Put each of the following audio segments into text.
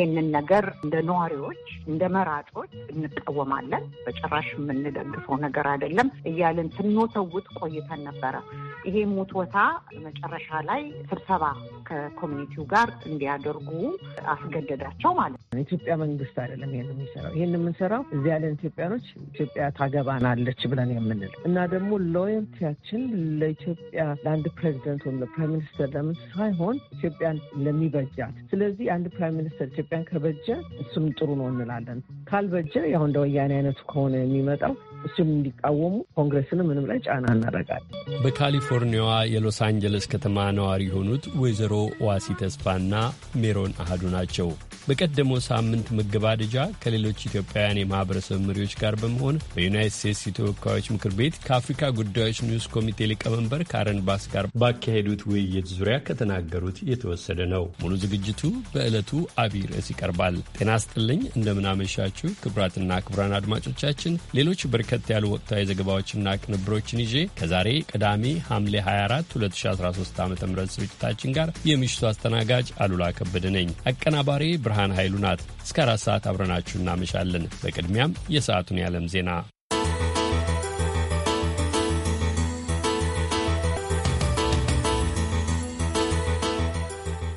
ይሄንን ነገር እንደ ነዋሪዎች እንደ መራጮች እንቃወማለን። በጭራሽ የምንደግፈው ነገር አይደለም እያልን ስንወተውት ቆይተን ነበረ። ይሄ ሙትወታ መጨረሻ ላይ ስብሰባ ከኮሚኒቲው ጋር እንዲያደርጉ አስገደዳቸው ማለት ነው። ኢትዮጵያ መንግስት አይደለም ይሄን የሚሰራው። ይሄን የምንሰራው እዚህ ያለን ኢትዮጵያኖች ኢትዮጵያ ታገባናለች ብለን የምንል እና ደግሞ ሎየልቲያችን ለኢትዮጵያ ለአንድ ፕሬዚደንት ወይም ለፕራይም ሚኒስተር ለምን ሳይሆን ኢትዮጵያን ለሚበጃት። ስለዚህ አንድ ፕራይም ሚኒስተር ኢትዮጵያን ከበጀ እሱም ጥሩ ነው እንላለን። ካልበጀ ያው እንደ ወያኔ አይነቱ ከሆነ የሚመጣው እሱም እንዲቃወሙ ኮንግረስንም ምንም ላይ ጫና እናደርጋለን። በካሊፎርኒያዋ የሎስ አንጀለስ ከተማ ነዋሪ የሆኑት ወይዘሮ ዋሲ ተስፋና ሜሮን አህዱ ናቸው። በቀደመው ሳምንት መገባደጃ ከሌሎች ኢትዮጵያውያን የማህበረሰብ መሪዎች ጋር በመሆን በዩናይት ስቴትስ የተወካዮች ምክር ቤት ከአፍሪካ ጉዳዮች ኒውስ ኮሚቴ ሊቀመንበር ካረን ባስ ጋር ባካሄዱት ውይይት ዙሪያ ከተናገሩት የተወሰደ ነው። ሙሉ ዝግጅቱ በዕለቱ አቢይ ርዕስ ይቀርባል። ጤና ስጥልኝ፣ እንደምናመሻችሁ ክቡራትና ክቡራን አድማጮቻችን ሌሎች በርከት ያሉ ወቅታዊ ዘገባዎችና ቅንብሮችን ይዤ ከዛሬ ቅዳሜ ሐምሌ 24 2013 ዓ ም ስርጭታችን ጋር የምሽቱ አስተናጋጅ አሉላ ከበደ ነኝ። አቀናባሪ ብርሃን ኃይሉ ናት። እስከ አራት ሰዓት አብረናችሁ እናመሻለን። በቅድሚያም የሰዓቱን የዓለም ዜና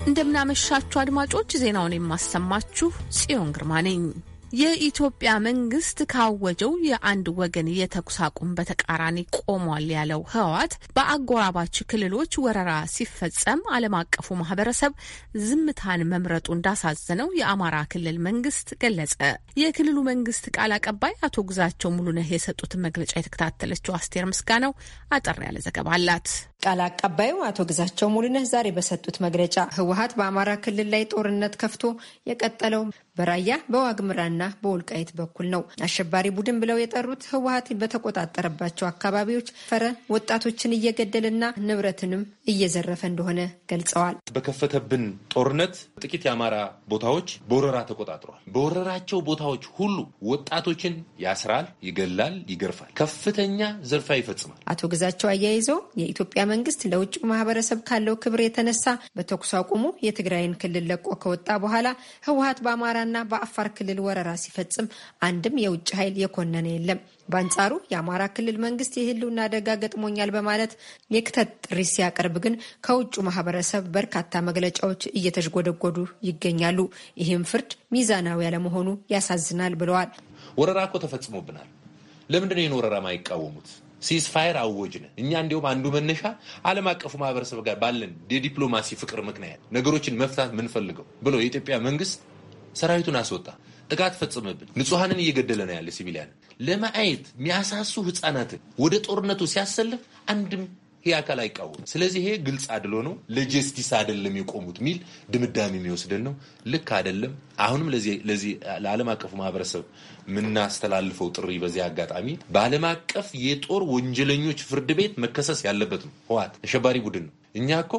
እንደምናመሻችሁ አድማጮች፣ ዜናውን የማሰማችሁ ጽዮን ግርማ ነኝ። የኢትዮጵያ መንግስት ካወጀው የአንድ ወገን የተኩስ አቁም በተቃራኒ ቆሟል ያለው ህወሓት በአጎራባች ክልሎች ወረራ ሲፈጸም ዓለም አቀፉ ማህበረሰብ ዝምታን መምረጡ እንዳሳዘነው የአማራ ክልል መንግስት ገለጸ። የክልሉ መንግስት ቃል አቀባይ አቶ ግዛቸው ሙሉነህ የሰጡትን መግለጫ የተከታተለችው አስቴር ምስጋናው አጠር ያለ ዘገባ አላት። ቃል አቀባዩ አቶ ግዛቸው ሙሉነህ ዛሬ በሰጡት መግለጫ ህወሓት በአማራ ክልል ላይ ጦርነት ከፍቶ የቀጠለው በራያ በዋግምራና በወልቃይት በኩል ነው። አሸባሪ ቡድን ብለው የጠሩት ህወሀት በተቆጣጠረባቸው አካባቢዎች ፈረ ወጣቶችን እየገደለና ንብረትንም እየዘረፈ እንደሆነ ገልጸዋል። በከፈተብን ጦርነት ጥቂት የአማራ ቦታዎች በወረራ ተቆጣጥሯል። በወረራቸው ቦታዎች ሁሉ ወጣቶችን ያስራል፣ ይገላል፣ ይገርፋል፣ ከፍተኛ ዘርፋ ይፈጽማል። አቶ ግዛቸው አያይዘው የኢትዮጵያ መንግስት ለውጭ ማህበረሰብ ካለው ክብር የተነሳ በተኩስ አቁሙ የትግራይን ክልል ለቆ ከወጣ በኋላ ህወሀት በአማራ በአማራና በአፋር ክልል ወረራ ሲፈጽም አንድም የውጭ ኃይል የኮነነ የለም። በአንጻሩ የአማራ ክልል መንግስት የህልውና አደጋ ገጥሞኛል በማለት የክተት ጥሪ ሲያቀርብ ግን ከውጭ ማህበረሰብ በርካታ መግለጫዎች እየተሽጎደጎዱ ይገኛሉ። ይህም ፍርድ ሚዛናዊ ያለመሆኑ ያሳዝናል ብለዋል። ወረራ እኮ ተፈጽሞብናል። ለምንድን ነው ይህን ወረራ ማይቃወሙት? ሲስፋየር አወጅን። እኛ እንዲሁም አንዱ መነሻ ዓለም አቀፉ ማህበረሰብ ጋር ባለን የዲፕሎማሲ ፍቅር ምክንያት ነገሮችን መፍታት ምንፈልገው ብሎ የኢትዮጵያ መንግስት ሰራዊቱን አስወጣ፣ ጥቃት ፈጽመብን፣ ንጹሐንን እየገደለ ነው ያለ ሲቪሊያን ለማየት የሚያሳሱ ህፃናትን ወደ ጦርነቱ ሲያሰልፍ አንድም ይህ አካል አይቃወም። ስለዚህ ይሄ ግልጽ አድሎ ነው፣ ለጀስቲስ አይደለም የቆሙት የሚል ድምዳሜ የሚወስደን ነው። ልክ አይደለም። አሁንም ለዚህ ለዓለም አቀፉ ማህበረሰብ የምናስተላልፈው ጥሪ በዚህ አጋጣሚ በዓለም አቀፍ የጦር ወንጀለኞች ፍርድ ቤት መከሰስ ያለበት ነው። ህወሓት አሸባሪ ቡድን ነው። እኛ እኮ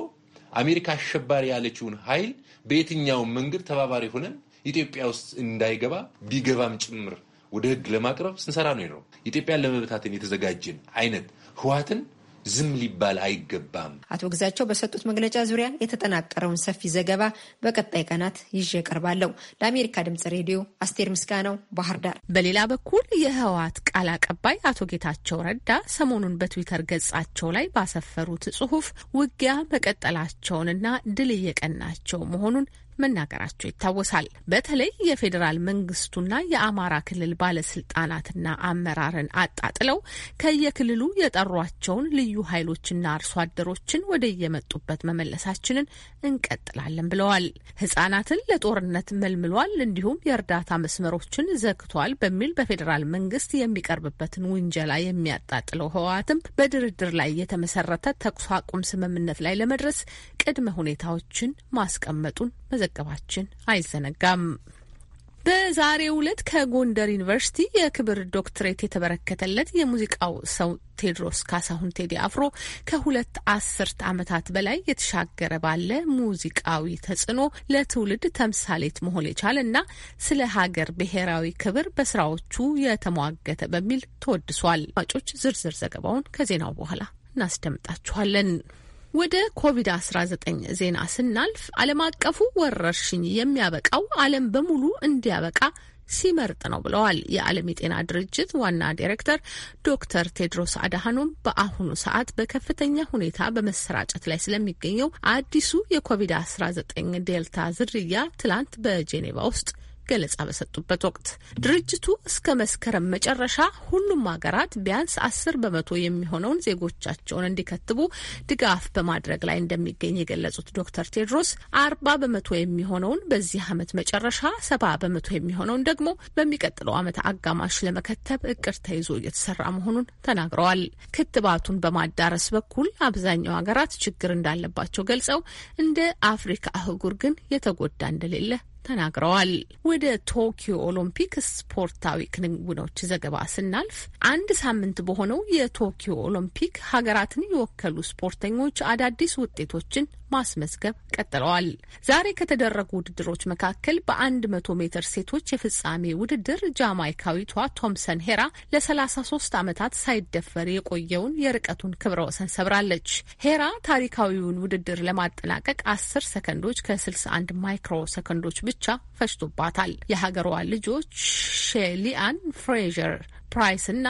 አሜሪካ አሸባሪ ያለችውን ኃይል በየትኛውም መንገድ ተባባሪ ሆነን ኢትዮጵያ ውስጥ እንዳይገባ ቢገባም ጭምር ወደ ህግ ለማቅረብ ስንሰራ ነው ነው ኢትዮጵያን ለመበታተን የተዘጋጀን አይነት ህወሓትን ዝም ሊባል አይገባም። አቶ ግዛቸው በሰጡት መግለጫ ዙሪያ የተጠናቀረውን ሰፊ ዘገባ በቀጣይ ቀናት ይዤ እቀርባለሁ። ለአሜሪካ ድምጽ ሬዲዮ አስቴር ምስጋናው ባህር ዳር። በሌላ በኩል የህወሓት ቃል አቀባይ አቶ ጌታቸው ረዳ ሰሞኑን በትዊተር ገጻቸው ላይ ባሰፈሩት ጽሁፍ ውጊያ መቀጠላቸውንና ድል እየቀናቸው መሆኑን መናገራቸው ይታወሳል። በተለይ የፌዴራል መንግስቱና የአማራ ክልል ባለስልጣናትና አመራርን አጣጥለው ከየክልሉ የጠሯቸውን ልዩ ኃይሎችና አርሶ አደሮችን ወደ የመጡበት መመለሳችንን እንቀጥላለን ብለዋል። ህጻናትን ለጦርነት መልምሏል፣ እንዲሁም የእርዳታ መስመሮችን ዘግቷል በሚል በፌዴራል መንግስት የሚቀርብበትን ውንጀላ የሚያጣጥለው ህወሓትም በድርድር ላይ የተመሰረተ ተኩስ አቁም ስምምነት ላይ ለመድረስ ቅድመ ሁኔታዎችን ማስቀመጡን መዘ መዘገባችን አይዘነጋም። በዛሬው ዕለት ከጎንደር ዩኒቨርሲቲ የክብር ዶክትሬት የተበረከተለት የሙዚቃው ሰው ቴድሮስ ካሳሁን ቴዲ አፍሮ ከሁለት አስርት ዓመታት በላይ የተሻገረ ባለ ሙዚቃዊ ተጽዕኖ ለትውልድ ተምሳሌት መሆን የቻለ እና ስለ ሀገር ብሔራዊ ክብር በስራዎቹ የተሟገተ በሚል ተወድሷል። አድማጮች ዝርዝር ዘገባውን ከዜናው በኋላ እናስደምጣችኋለን። ወደ ኮቪድ-19 ዜና ስናልፍ ዓለም አቀፉ ወረርሽኝ የሚያበቃው ዓለም በሙሉ እንዲያበቃ ሲመርጥ ነው ብለዋል የዓለም የጤና ድርጅት ዋና ዳይሬክተር ዶክተር ቴድሮስ አድሃኖም በአሁኑ ሰዓት በከፍተኛ ሁኔታ በመሰራጨት ላይ ስለሚገኘው አዲሱ የኮቪድ-19 ዴልታ ዝርያ ትላንት በጄኔቫ ውስጥ ገለጻ በሰጡበት ወቅት ድርጅቱ እስከ መስከረም መጨረሻ ሁሉም ሀገራት ቢያንስ አስር በመቶ የሚሆነውን ዜጎቻቸውን እንዲከትቡ ድጋፍ በማድረግ ላይ እንደሚገኝ የገለጹት ዶክተር ቴድሮስ አርባ በመቶ የሚሆነውን በዚህ ዓመት መጨረሻ፣ ሰባ በመቶ የሚሆነውን ደግሞ በሚቀጥለው ዓመት አጋማሽ ለመከተብ እቅድ ተይዞ እየተሰራ መሆኑን ተናግረዋል። ክትባቱን በማዳረስ በኩል አብዛኛው ሀገራት ችግር እንዳለባቸው ገልጸው እንደ አፍሪካ አህጉር ግን የተጎዳ እንደሌለ ተናግረዋል። ወደ ቶኪዮ ኦሎምፒክ ስፖርታዊ ክንውኖች ዘገባ ስናልፍ አንድ ሳምንት በሆነው የቶኪዮ ኦሎምፒክ ሀገራትን የወከሉ ስፖርተኞች አዳዲስ ውጤቶችን ማስመዝገብ ቀጥለዋል። ዛሬ ከተደረጉ ውድድሮች መካከል በ100 ሜትር ሴቶች የፍጻሜ ውድድር ጃማይካዊቷ ቶምሰን ሄራ ለ33 ዓመታት ሳይደፈር የቆየውን የርቀቱን ክብረ ወሰን ሰብራለች። ሄራ ታሪካዊውን ውድድር ለማጠናቀቅ 10 ሰከንዶች ከ61 ማይክሮ ሰከንዶች ብቻ ፈጅቶባታል። የሀገሯ ልጆች ሼሊአን ፍሬዥር ፕራይስ እና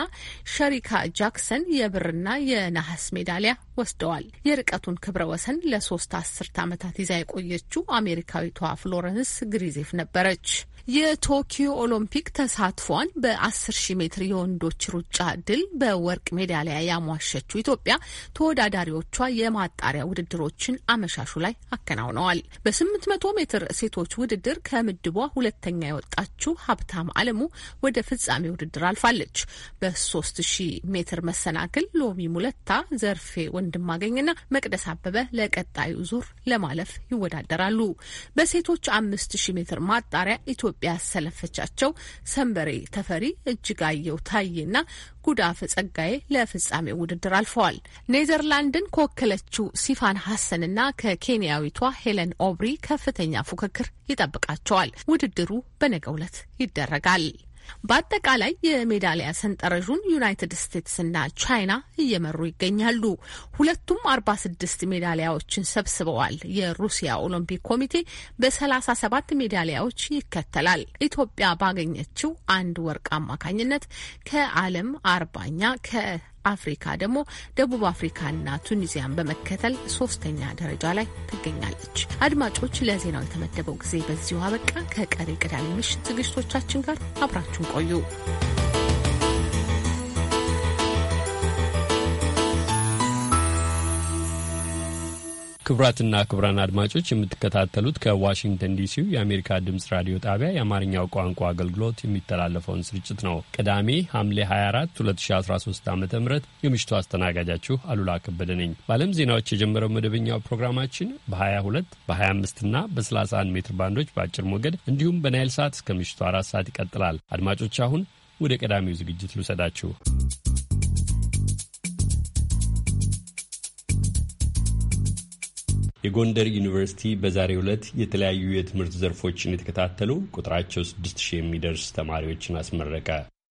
ሸሪካ ጃክሰን የብርና የነሐስ ሜዳሊያ ወስደዋል። የርቀቱን ክብረ ወሰን ለሶስት አስርት ዓመታት ይዛ የቆየችው አሜሪካዊቷ ፍሎረንስ ግሪዜፍ ነበረች። የቶኪዮ ኦሎምፒክ ተሳትፏን በ10 ሺህ ሜትር የወንዶች ሩጫ ድል በወርቅ ሜዳሊያ ያሟሸችው ኢትዮጵያ ተወዳዳሪዎቿ የማጣሪያ ውድድሮችን አመሻሹ ላይ አከናውነዋል። በ800 ሜትር ሴቶች ውድድር ከምድቧ ሁለተኛ የወጣችው ሀብታም አለሙ ወደ ፍጻሜ ውድድር አልፋለች። በ3000 ሜትር መሰናክል ሎሚ ሙለታ፣ ዘርፌ ወንድማገኝና መቅደስ አበበ ለቀጣዩ ዙር ለማለፍ ይወዳደራሉ። በሴቶች 5000 ሜትር ማጣሪያ ኢትዮጵያ ኢትዮጵያ ያሰለፈቻቸው ሰንበሬ ተፈሪ፣ እጅጋየው ታዬና ጉዳፍ ጸጋዬ ለፍጻሜ ውድድር አልፈዋል። ኔዘርላንድን ከወከለችው ሲፋን ሀሰንና ከኬንያዊቷ ሄለን ኦብሪ ከፍተኛ ፉክክር ይጠብቃቸዋል። ውድድሩ በነገው ዕለት ይደረጋል። በአጠቃላይ የሜዳሊያ ሰንጠረዡን ዩናይትድ ስቴትስ እና ቻይና እየመሩ ይገኛሉ። ሁለቱም አርባ ስድስት ሜዳሊያዎችን ሰብስበዋል። የሩሲያ ኦሎምፒክ ኮሚቴ በሰላሳ ሰባት ሜዳሊያዎች ይከተላል። ኢትዮጵያ ባገኘችው አንድ ወርቅ አማካኝነት ከዓለም አርባኛ ከ አፍሪካ ደግሞ ደቡብ አፍሪካና ቱኒዚያን በመከተል ሶስተኛ ደረጃ ላይ ትገኛለች። አድማጮች፣ ለዜናው የተመደበው ጊዜ በዚሁ አበቃ። ከቀሪ ቅዳሜ ምሽት ዝግጅቶቻችን ጋር አብራችሁን ቆዩ። ክቡራትና ክቡራን አድማጮች የምትከታተሉት ከዋሽንግተን ዲሲው የአሜሪካ ድምፅ ራዲዮ ጣቢያ የአማርኛው ቋንቋ አገልግሎት የሚተላለፈውን ስርጭት ነው። ቅዳሜ ሐምሌ 24 2013 ዓ ም የምሽቱ አስተናጋጃችሁ አሉላ ከበደ ነኝ። በዓለም ዜናዎች የጀመረው መደበኛው ፕሮግራማችን በ22 በ25 እና በ31 ሜትር ባንዶች በአጭር ሞገድ እንዲሁም በናይል ሰዓት እስከ ምሽቱ አራት ሰዓት ይቀጥላል። አድማጮች አሁን ወደ ቀዳሚው ዝግጅት ልውሰዳችሁ። የጎንደር ዩኒቨርሲቲ በዛሬው ዕለት የተለያዩ የትምህርት ዘርፎችን የተከታተሉ ቁጥራቸው 6000 የሚደርስ ተማሪዎችን አስመረቀ።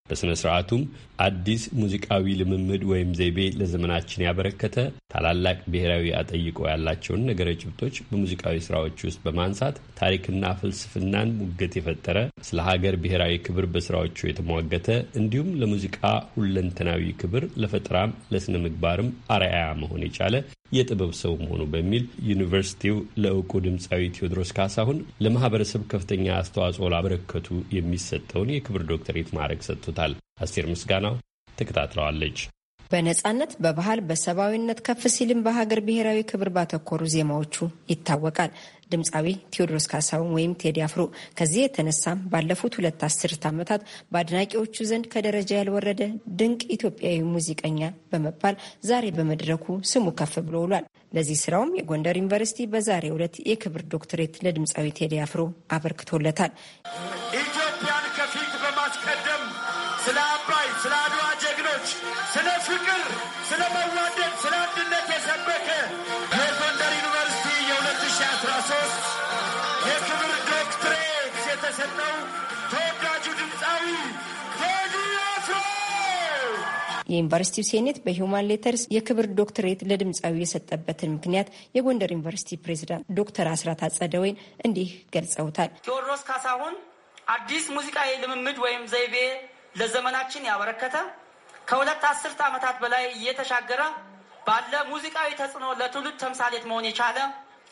በሥነ ሥርዓቱም አዲስ ሙዚቃዊ ልምምድ ወይም ዘይቤ ለዘመናችን ያበረከተ ታላላቅ ብሔራዊ አጠይቆ ያላቸውን ነገረ ጭብጦች በሙዚቃዊ ሥራዎች ውስጥ በማንሳት ታሪክና ፍልስፍናን ሙገት የፈጠረ ስለ ሀገር ብሔራዊ ክብር በሥራዎቹ የተሟገተ እንዲሁም ለሙዚቃ ሁለንተናዊ ክብር ለፈጠራም ለሥነ ምግባርም አርአያ መሆን የቻለ የጥበብ ሰው መሆኑ በሚል ዩኒቨርሲቲው ለእውቁ ድምፃዊ ቴዎድሮስ ካሳሁን ለማህበረሰብ ከፍተኛ አስተዋጽኦ ላበረከቱ የሚሰጠውን የክብር ዶክተሬት ማዕረግ ሰጥቶታል። አስቴር ምስጋናው ተከታትለዋለች። በነፃነት በባህል በሰብአዊነት ከፍ ሲልም በሀገር ብሔራዊ ክብር ባተኮሩ ዜማዎቹ ይታወቃል። ድምፃዊ ቴዎድሮስ ካሳሁን ወይም ቴዲ አፍሮ። ከዚህ የተነሳም ባለፉት ሁለት አስርት ዓመታት በአድናቂዎቹ ዘንድ ከደረጃ ያልወረደ ድንቅ ኢትዮጵያዊ ሙዚቀኛ በመባል ዛሬ በመድረኩ ስሙ ከፍ ብሎ ውሏል። ለዚህ ስራውም የጎንደር ዩኒቨርሲቲ በዛሬ ዕለት የክብር ዶክትሬት ለድምፃዊ ቴዲ አፍሮ አበርክቶለታል። የዩኒቨርሲቲው ሴኔት በሂውማን ሌተርስ የክብር ዶክትሬት ለድምፃዊ የሰጠበትን ምክንያት የጎንደር ዩኒቨርሲቲ ፕሬዚዳንት ዶክተር አስራት አጸደወይን እንዲህ ገልጸውታል። ቴዎድሮስ ካሳሁን አዲስ ሙዚቃ ልምምድ ወይም ዘይቤ ለዘመናችን ያበረከተ ከሁለት አስርት ዓመታት በላይ እየተሻገረ ባለ ሙዚቃዊ ተጽዕኖ ለትውልድ ተምሳሌት መሆን የቻለ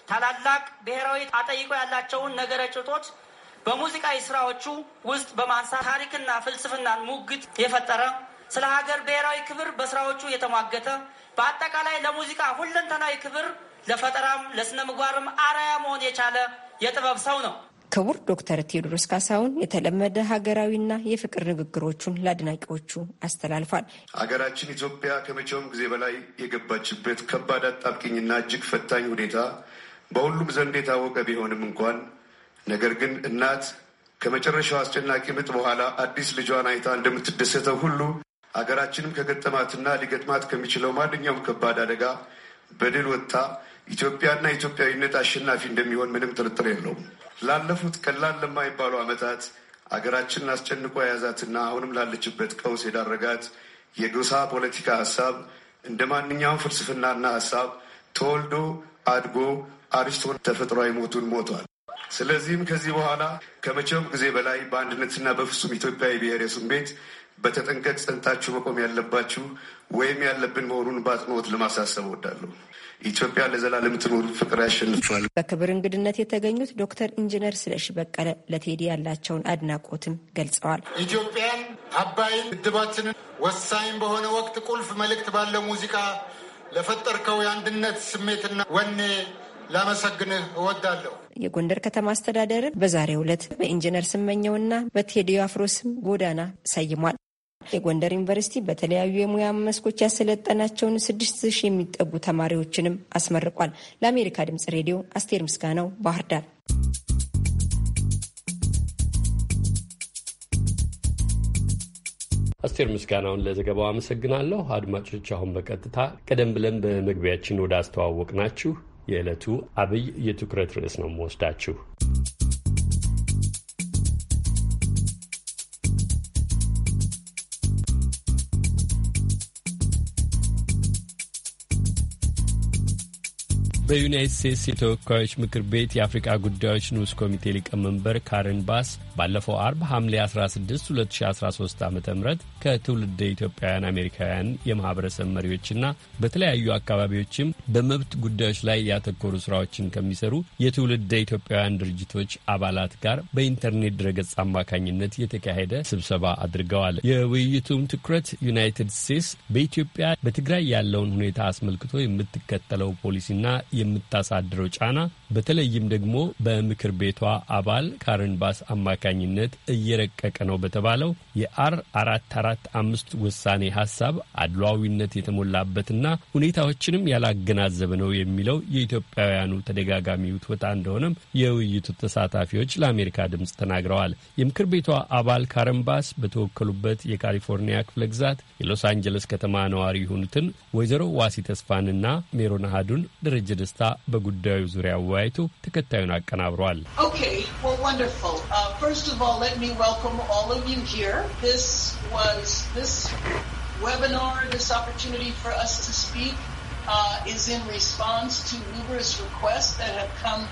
ታላላቅ ብሔራዊ አጠይቆ ያላቸውን ነገረ ጭቶች በሙዚቃዊ ስራዎቹ ውስጥ በማንሳት ታሪክና ፍልስፍናን ሙግት የፈጠረ ስለ ሀገር ብሔራዊ ክብር በስራዎቹ የተሟገተ በአጠቃላይ ለሙዚቃ ሁለንተናዊ ክብር ለፈጠራም ለስነ ምግባርም አርአያ መሆን የቻለ የጥበብ ሰው ነው። ክቡር ዶክተር ቴዎድሮስ ካሳሁን የተለመደ ሀገራዊና የፍቅር ንግግሮቹን ለአድናቂዎቹ አስተላልፏል። ሀገራችን ኢትዮጵያ ከመቼውም ጊዜ በላይ የገባችበት ከባድ አጣብቂኝና እጅግ ፈታኝ ሁኔታ በሁሉም ዘንድ የታወቀ ቢሆንም እንኳን ነገር ግን እናት ከመጨረሻው አስጨናቂ ምጥ በኋላ አዲስ ልጇን አይታ እንደምትደሰተው ሁሉ አገራችንም ከገጠማትና ሊገጥማት ከሚችለው ማንኛውም ከባድ አደጋ በድል ወጥታ ኢትዮጵያና ኢትዮጵያዊነት አሸናፊ እንደሚሆን ምንም ጥርጥር የለውም። ላለፉት ቀላል ለማይባሉ ዓመታት አገራችንን አስጨንቆ የያዛትና አሁንም ላለችበት ቀውስ የዳረጋት የጎሳ ፖለቲካ ሀሳብ እንደ ማንኛውም ፍልስፍናና ሀሳብ ተወልዶ አድጎ አሪስቶ ተፈጥሮ ሞቱን ሞቷል። ስለዚህም ከዚህ በኋላ ከመቼውም ጊዜ በላይ በአንድነትና በፍጹም ኢትዮጵያዊ ብሔር ቤት በተጠንቀቅ ጸንታችሁ መቆም ያለባችሁ ወይም ያለብን መሆኑን በአጽንኦት ለማሳሰብ እወዳለሁ። ኢትዮጵያ ለዘላለም ትኑር፣ ፍቅር ያሸንፋል። በክብር እንግድነት የተገኙት ዶክተር ኢንጂነር ስለሺ በቀለ ለቴዲ ያላቸውን አድናቆትም ገልጸዋል። ኢትዮጵያን፣ አባይን፣ ግድባችንን ወሳኝ በሆነ ወቅት ቁልፍ መልእክት ባለው ሙዚቃ ለፈጠርከው የአንድነት ስሜትና ወኔ ላመሰግንህ እወዳለሁ። የጎንደር ከተማ አስተዳደርም በዛሬው ዕለት በኢንጂነር ስመኘውና በቴዲ አፍሮ ስም ጎዳና ሰይሟል። የጎንደር ዩኒቨርሲቲ በተለያዩ የሙያ መስኮች ያሰለጠናቸውን ስድስት ሺህ የሚጠጉ ተማሪዎችንም አስመርቋል። ለአሜሪካ ድምጽ ሬዲዮ አስቴር ምስጋናው ባህር ዳር። አስቴር ምስጋናውን ለዘገባው አመሰግናለሁ። አድማጮች፣ አሁን በቀጥታ ቀደም ብለን በመግቢያችን ወደ አስተዋወቅ ናችሁ የዕለቱ አብይ የትኩረት ርዕስ ነው መወስዳችሁ በዩናይት ስቴትስ የተወካዮች ምክር ቤት የአፍሪቃ ጉዳዮች ንዑስ ኮሚቴ ሊቀመንበር ካረን ባስ ባለፈው አርብ ሐምሌ 16 2013 ዓ ም ከትውልደ ኢትዮጵያውያን አሜሪካውያን የማህበረሰብ መሪዎችና በተለያዩ አካባቢዎችም በመብት ጉዳዮች ላይ ያተኮሩ ስራዎችን ከሚሰሩ የትውልደ ኢትዮጵያውያን ድርጅቶች አባላት ጋር በኢንተርኔት ድረገጽ አማካኝነት የተካሄደ ስብሰባ አድርገዋል። የውይይቱም ትኩረት ዩናይትድ ስቴትስ በኢትዮጵያ በትግራይ ያለውን ሁኔታ አስመልክቶ የምትከተለው ፖሊሲና የምታሳድረው ጫና በተለይም ደግሞ በምክር ቤቷ አባል ካረንባስ አማካኝነት እየረቀቀ ነው በተባለው የአር አራት አራት አራት አምስት ውሳኔ ሀሳብ አድሏዊነት የተሞላበትና ሁኔታዎችንም ያላገናዘበ ነው የሚለው የኢትዮጵያውያኑ ተደጋጋሚ ውትወታ እንደሆነም የውይይቱ ተሳታፊዎች ለአሜሪካ ድምፅ ተናግረዋል። የምክር ቤቷ አባል ካረምባስ በተወከሉበት የካሊፎርኒያ ክፍለ ግዛት የሎስ አንጀለስ ከተማ ነዋሪ የሆኑትን ወይዘሮ ዋሲ ተስፋንና ሜሮን አሃዱን ደረጀ ደስታ በጉዳዩ ዙሪያ አወያይቶ ተከታዩን አቀናብሯል። wonderful. Uh, first of all, let me welcome all of you here. This was because this webinar, this opportunity for us to speak, uh, is in response to numerous requests that have come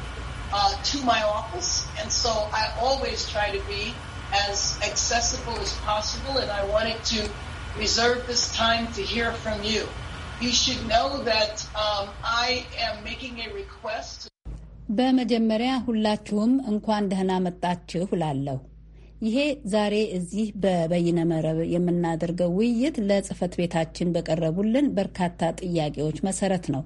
uh, to my office. And so I always try to be as accessible as possible, and I wanted to reserve this time to hear from you. You should know that um, I am making a request. በመጀመሪያ ሁላችሁም እንኳን ደህና መጣችሁ እላለሁ። ይሄ ዛሬ እዚህ በበይነ መረብ የምናደርገው ውይይት ለጽህፈት ቤታችን በቀረቡልን በርካታ ጥያቄዎች መሰረት ነው።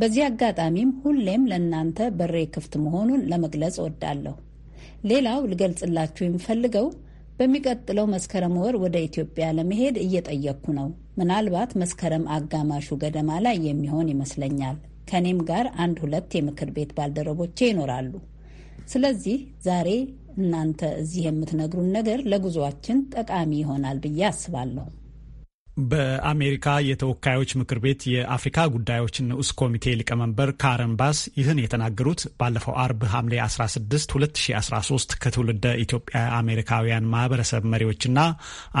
በዚህ አጋጣሚም ሁሌም ለእናንተ በሬ ክፍት መሆኑን ለመግለጽ እወዳለሁ። ሌላው ልገልጽላችሁ የምፈልገው በሚቀጥለው መስከረም ወር ወደ ኢትዮጵያ ለመሄድ እየጠየቅኩ ነው። ምናልባት መስከረም አጋማሹ ገደማ ላይ የሚሆን ይመስለኛል። ከእኔም ጋር አንድ ሁለት የምክር ቤት ባልደረቦቼ ይኖራሉ። ስለዚህ ዛሬ እናንተ እዚህ የምትነግሩን ነገር ለጉዞአችን ጠቃሚ ይሆናል ብዬ አስባለሁ። በአሜሪካ የተወካዮች ምክር ቤት የአፍሪካ ጉዳዮች ንዑስ ኮሚቴ ሊቀመንበር ካረን ባስ ይህን የተናገሩት ባለፈው አርብ ሐምሌ 16 2013 ከትውልደ ኢትዮጵያ አሜሪካውያን ማህበረሰብ መሪዎችና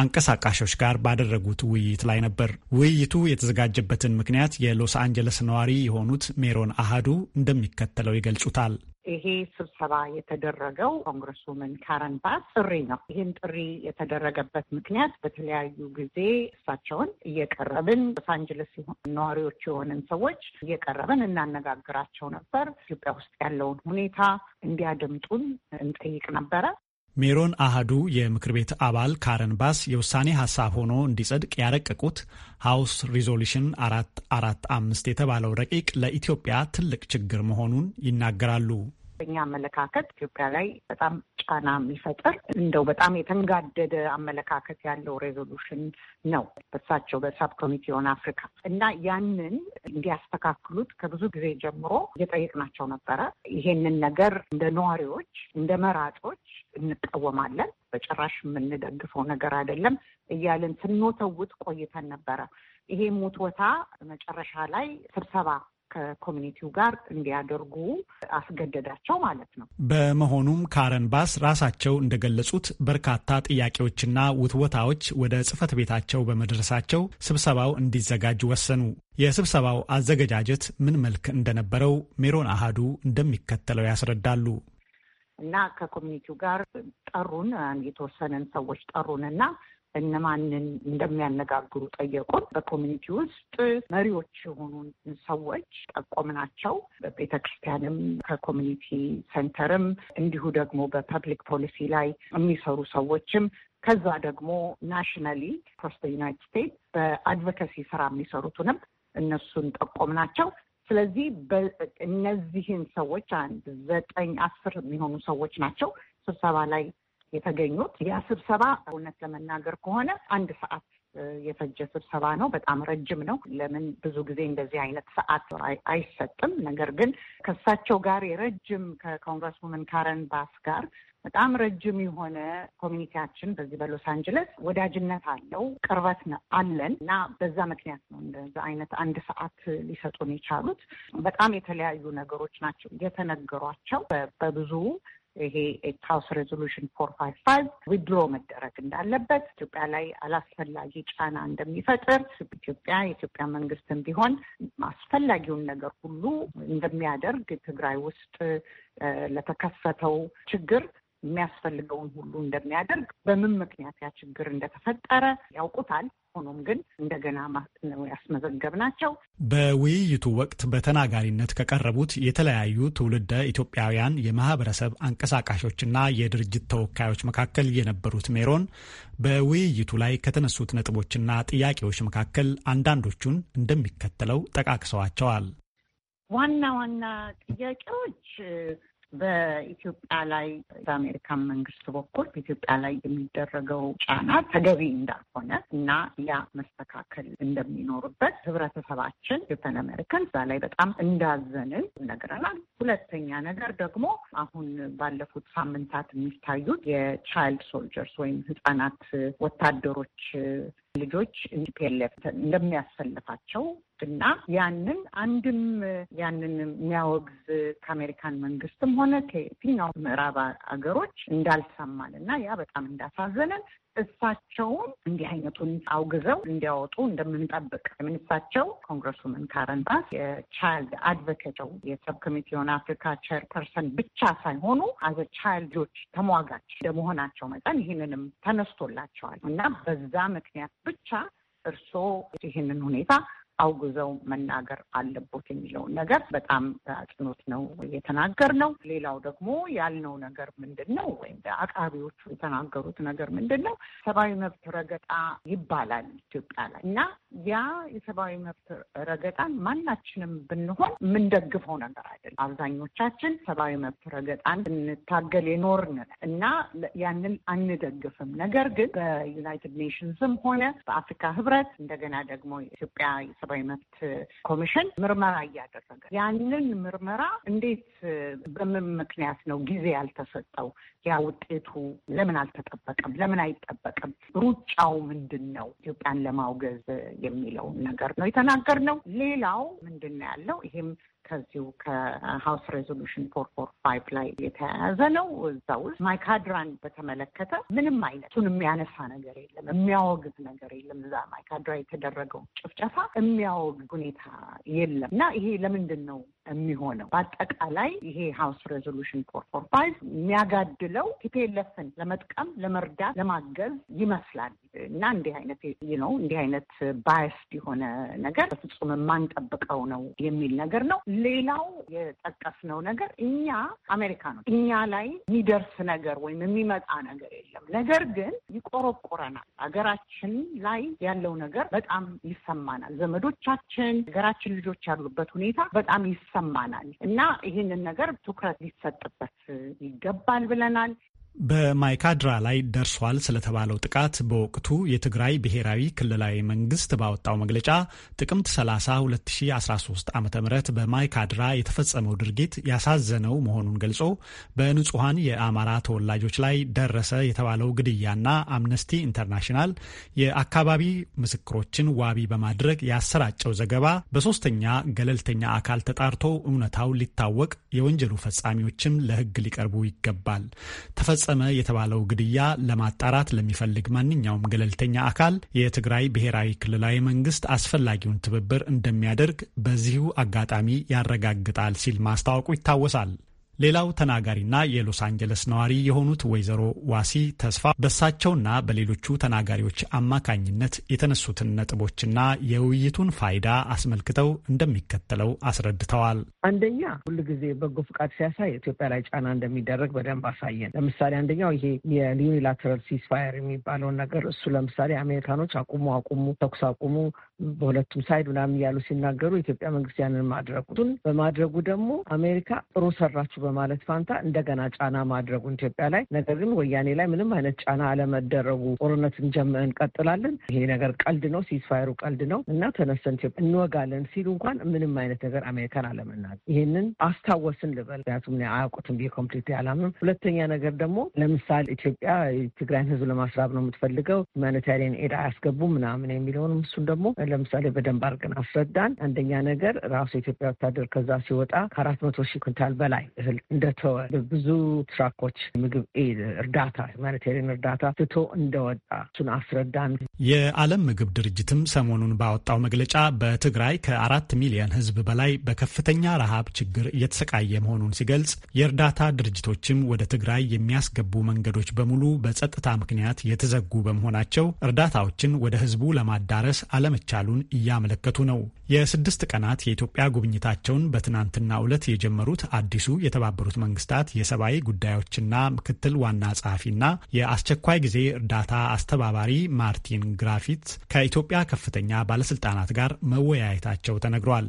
አንቀሳቃሾች ጋር ባደረጉት ውይይት ላይ ነበር። ውይይቱ የተዘጋጀበትን ምክንያት የሎስ አንጀለስ ነዋሪ የሆኑት ሜሮን አሃዱ እንደሚከተለው ይገልጹታል። ይሄ ስብሰባ የተደረገው ኮንግረስውመን ካረን ባስ ጥሪ ነው። ይህም ጥሪ የተደረገበት ምክንያት በተለያዩ ጊዜ እሳቸውን እየቀረብን ሎስ አንጀለስ ነዋሪዎች የሆንን ሰዎች እየቀረብን እናነጋግራቸው ነበር። ኢትዮጵያ ውስጥ ያለውን ሁኔታ እንዲያደምጡን እንጠይቅ ነበረ። ሜሮን አህዱ የምክር ቤት አባል ካረን ባስ የውሳኔ ሀሳብ ሆኖ እንዲጸድቅ ያረቀቁት ሀውስ ሪዞሉሽን 445 የተባለው ረቂቅ ለኢትዮጵያ ትልቅ ችግር መሆኑን ይናገራሉ። በኛ አመለካከት ኢትዮጵያ ላይ በጣም ጫና የሚፈጥር እንደው በጣም የተንጋደደ አመለካከት ያለው ሬዞሉሽን ነው። በሳቸው በሳብ ኮሚቴ ኦን አፍሪካ እና ያንን እንዲያስተካክሉት ከብዙ ጊዜ ጀምሮ እየጠየቅናቸው ነበረ። ይሄንን ነገር እንደ ነዋሪዎች እንደ መራጮች እንቃወማለን፣ በጭራሽ የምንደግፈው ነገር አይደለም እያልን ስንወተውት ቆይተን ነበረ። ይሄ ሞትወታ መጨረሻ ላይ ስብሰባ ከኮሚኒቲው ጋር እንዲያደርጉ አስገደዳቸው ማለት ነው። በመሆኑም ካረን ባስ ራሳቸው እንደገለጹት በርካታ ጥያቄዎችና ውትወታዎች ወደ ጽህፈት ቤታቸው በመድረሳቸው ስብሰባው እንዲዘጋጅ ወሰኑ። የስብሰባው አዘገጃጀት ምን መልክ እንደነበረው ሜሮን አሃዱ እንደሚከተለው ያስረዳሉ። እና ከኮሚኒቲው ጋር ጠሩን። የተወሰነን ሰዎች ጠሩን እና እነማንን እንደሚያነጋግሩ ጠየቁን። በኮሚኒቲ ውስጥ መሪዎች የሆኑ ሰዎች ጠቆምናቸው። በቤተ ክርስቲያንም ከኮሚኒቲ ሴንተርም እንዲሁ ደግሞ በፐብሊክ ፖሊሲ ላይ የሚሰሩ ሰዎችም ከዛ ደግሞ ናሽናሊ ፕሮስ ዩናይትድ ስቴትስ በአድቮኬሲ ስራ የሚሰሩትንም እነሱን ጠቆምናቸው። ስለዚህ እነዚህን ሰዎች አንድ ዘጠኝ አስር የሚሆኑ ሰዎች ናቸው ስብሰባ ላይ የተገኙት ያ ስብሰባ እውነት ለመናገር ከሆነ አንድ ሰዓት የፈጀ ስብሰባ ነው። በጣም ረጅም ነው። ለምን ብዙ ጊዜ እንደዚህ አይነት ሰዓት አይሰጥም። ነገር ግን ከእሳቸው ጋር የረጅም ከኮንግረስ ውመን ካረን ባስ ጋር በጣም ረጅም የሆነ ኮሚኒቲያችን በዚህ በሎስ አንጀለስ ወዳጅነት አለው፣ ቅርበት አለን እና በዛ ምክንያት ነው እንደዛ አይነት አንድ ሰዓት ሊሰጡን የቻሉት። በጣም የተለያዩ ነገሮች ናቸው የተነገሯቸው በብዙ ይሄ ኤት ሃውስ ሬዞሉሽን ፎር ፋይቭ ፋይቭ ዊድሮ መደረግ እንዳለበት ኢትዮጵያ ላይ አላስፈላጊ ጫና እንደሚፈጥር ኢትዮጵያ የኢትዮጵያ መንግስትም ቢሆን አስፈላጊውን ነገር ሁሉ እንደሚያደርግ ትግራይ ውስጥ ለተከሰተው ችግር የሚያስፈልገውን ሁሉ እንደሚያደርግ በምን ምክንያት ያ ችግር እንደተፈጠረ ያውቁታል። ሆኖም ግን እንደገና ነው ያስመዘገብ ናቸው። በውይይቱ ወቅት በተናጋሪነት ከቀረቡት የተለያዩ ትውልደ ኢትዮጵያውያን የማህበረሰብ አንቀሳቃሾችና የድርጅት ተወካዮች መካከል የነበሩት ሜሮን በውይይቱ ላይ ከተነሱት ነጥቦችና ጥያቄዎች መካከል አንዳንዶቹን እንደሚከተለው ጠቃቅሰዋቸዋል። ዋና ዋና ጥያቄዎች በኢትዮጵያ ላይ በአሜሪካን መንግስት በኩል በኢትዮጵያ ላይ የሚደረገው ጫና ተገቢ እንዳልሆነ እና ያ መስተካከል እንደሚኖርበት ህብረተሰባችን ኢትዮጵያን አሜሪካን እዛ ላይ በጣም እንዳዘንን ነግረናል። ሁለተኛ ነገር ደግሞ አሁን ባለፉት ሳምንታት የሚታዩት የቻይልድ ሶልጀርስ ወይም ህጻናት ወታደሮች ልጆች ፒኤልኤፍ እንደሚያሰልፋቸው እና ያንን አንድም ያንን የሚያወግዝ ከአሜሪካን መንግስትም ሆነ ከየትኛው ምዕራብ አገሮች እንዳልሰማን እና ያ በጣም እንዳሳዘነን እሳቸውም እንዲህ አይነቱን አውግዘው እንዲያወጡ እንደምንጠብቅ ምንሳቸው ኮንግረስመን ካረን ባስ የቻይልድ አድቮኬቸው የሰብ ኮሚቴውን አፍሪካ ቸር ፐርሰን ብቻ ሳይሆኑ አዘ ቻይልዶች ተሟጋች እንደመሆናቸው መጠን ይህንንም ተነስቶላቸዋል እና በዛ ምክንያት ብቻ እርስዎ ይህንን ሁኔታ አውግዘው መናገር አለቦት የሚለውን ነገር በጣም አጽንኦት ነው እየተናገር ነው። ሌላው ደግሞ ያልነው ነገር ምንድን ነው ወይም አቅራቢዎቹ የተናገሩት ነገር ምንድን ነው? ሰብአዊ መብት ረገጣ ይባላል ኢትዮጵያ ላይ እና ያ የሰብአዊ መብት ረገጣን ማናችንም ብንሆን የምንደግፈው ነገር አይደለም። አብዛኞቻችን ሰብአዊ መብት ረገጣን እንታገል የኖርን እና ያንን አንደግፍም። ነገር ግን በዩናይትድ ኔሽንስም ሆነ በአፍሪካ ህብረት እንደገና ደግሞ ኢትዮጵያ የሰብአዊ መብት ኮሚሽን ምርመራ እያደረገ ያንን ምርመራ እንዴት በምን ምክንያት ነው ጊዜ ያልተሰጠው? ያ ውጤቱ ለምን አልተጠበቀም? ለምን አይጠበቅም? ሩጫው ምንድን ነው? ኢትዮጵያን ለማውገዝ የሚለውን ነገር ነው ነው። ሌላው ምንድን ነው ያለው ይሄም ከዚሁ ከሀውስ ሬዞሉሽን ፎር ፎር ፋይቭ ላይ የተያያዘ ነው። እዛ ውስጥ ማይካድራን በተመለከተ ምንም አይነት እሱን የሚያነሳ ነገር የለም፣ የሚያወግዝ ነገር የለም። እዛ ማይካድራ የተደረገው ጭፍጨፋ የሚያወግ ሁኔታ የለም እና ይሄ ለምንድን ነው የሚሆነው። በአጠቃላይ ይሄ ሀውስ ሬዞሉሽን ፎር ፎር ፋይቭ የሚያጋድለው ቲፒኤልኤፍን ለመጥቀም፣ ለመርዳት፣ ለማገዝ ይመስላል እና እንዲህ አይነት ነው እንዲህ አይነት ባየስድ የሆነ ነገር በፍጹም የማንጠብቀው ነው የሚል ነገር ነው። ሌላው የጠቀስነው ነገር እኛ አሜሪካ ነው። እኛ ላይ የሚደርስ ነገር ወይም የሚመጣ ነገር የለም። ነገር ግን ይቆረቆረናል። ሀገራችን ላይ ያለው ነገር በጣም ይሰማናል። ዘመዶቻችን ሀገራችን ልጆች ያሉበት ሁኔታ በጣም ይሰ ይሰማናል እና ይህንን ነገር ትኩረት ሊሰጥበት ይገባል ብለናል። በማይካድራ ላይ ደርሷል ስለተባለው ጥቃት በወቅቱ የትግራይ ብሔራዊ ክልላዊ መንግስት ባወጣው መግለጫ ጥቅምት 30 2013 ዓ ም በማይካድራ የተፈጸመው ድርጊት ያሳዘነው መሆኑን ገልጾ በንጹሐን የአማራ ተወላጆች ላይ ደረሰ የተባለው ግድያና አምነስቲ ኢንተርናሽናል የአካባቢ ምስክሮችን ዋቢ በማድረግ ያሰራጨው ዘገባ በሶስተኛ ገለልተኛ አካል ተጣርቶ እውነታው ሊታወቅ፣ የወንጀሉ ፈጻሚዎችም ለህግ ሊቀርቡ ይገባል ተፈጸመ የተባለው ግድያ ለማጣራት ለሚፈልግ ማንኛውም ገለልተኛ አካል የትግራይ ብሔራዊ ክልላዊ መንግስት አስፈላጊውን ትብብር እንደሚያደርግ በዚሁ አጋጣሚ ያረጋግጣል ሲል ማስታወቁ ይታወሳል። ሌላው ተናጋሪና የሎስ አንጀለስ ነዋሪ የሆኑት ወይዘሮ ዋሲ ተስፋ በሳቸውና በሌሎቹ ተናጋሪዎች አማካኝነት የተነሱትን ነጥቦችና የውይይቱን ፋይዳ አስመልክተው እንደሚከተለው አስረድተዋል። አንደኛ ሁልጊዜ በጎ ፍቃድ ሲያሳይ ኢትዮጵያ ላይ ጫና እንደሚደረግ በደንብ አሳየን። ለምሳሌ አንደኛው ይሄ የዩኒላተራል ሲስፋየር የሚባለውን ነገር እሱ ለምሳሌ አሜሪካኖች አቁሙ አቁሙ፣ ተኩስ አቁሙ በሁለቱም ሳይድ ምናምን እያሉ ሲናገሩ ኢትዮጵያ መንግስት ያንን ማድረጉን በማድረጉ ደግሞ አሜሪካ ጥሩ ሰራችሁ በማለት ፋንታ እንደገና ጫና ማድረጉን ኢትዮጵያ ላይ ነገር ግን ወያኔ ላይ ምንም አይነት ጫና አለመደረጉ ጦርነትን ጀምረን እንቀጥላለን፣ ይሄ ነገር ቀልድ ነው፣ ሲስፋይሩ ቀልድ ነው እና ተነስተን ኢትዮጵያ እንወጋለን ሲሉ እንኳን ምንም አይነት ነገር አሜሪካን አለመናል ይህንን አስታወስን ልበል። ምክንያቱም አያውቁትም ብዬ ኮምፕሊት አላምንም። ሁለተኛ ነገር ደግሞ ለምሳሌ ኢትዮጵያ ትግራይን ህዝብ ለማስራብ ነው የምትፈልገው ሁማኒታሪያን ኤድ አያስገቡም ምናምን የሚለውንም እሱን ደግሞ ለምሳሌ በደንብ አድርገን አስረዳን። አንደኛ ነገር ራሱ የኢትዮጵያ ወታደር ከዛ ሲወጣ ከአራት መቶ ሺህ ኩንታል በላይ እህል እንደተወ ብዙ ትራኮች ምግብ እርዳታ ሁማኒቴሪያን እርዳታ ትቶ እንደወጣ እሱን አስረዳን። የዓለም ምግብ ድርጅትም ሰሞኑን ባወጣው መግለጫ በትግራይ ከአራት ሚሊዮን ህዝብ በላይ በከፍተኛ ረሃብ ችግር እየተሰቃየ መሆኑን ሲገልጽ የእርዳታ ድርጅቶችም ወደ ትግራይ የሚያስገቡ መንገዶች በሙሉ በጸጥታ ምክንያት የተዘጉ በመሆናቸው እርዳታዎችን ወደ ህዝቡ ለማዳረስ አለመቻሉን እያመለከቱ ነው። የስድስት ቀናት የኢትዮጵያ ጉብኝታቸውን በትናንትናው ዕለት የጀመሩት አዲሱ የተ የተባበሩት መንግስታት የሰብአዊ ጉዳዮችና ምክትል ዋና ጸሐፊና የአስቸኳይ ጊዜ እርዳታ አስተባባሪ ማርቲን ግራፊት ከኢትዮጵያ ከፍተኛ ባለስልጣናት ጋር መወያየታቸው ተነግሯል።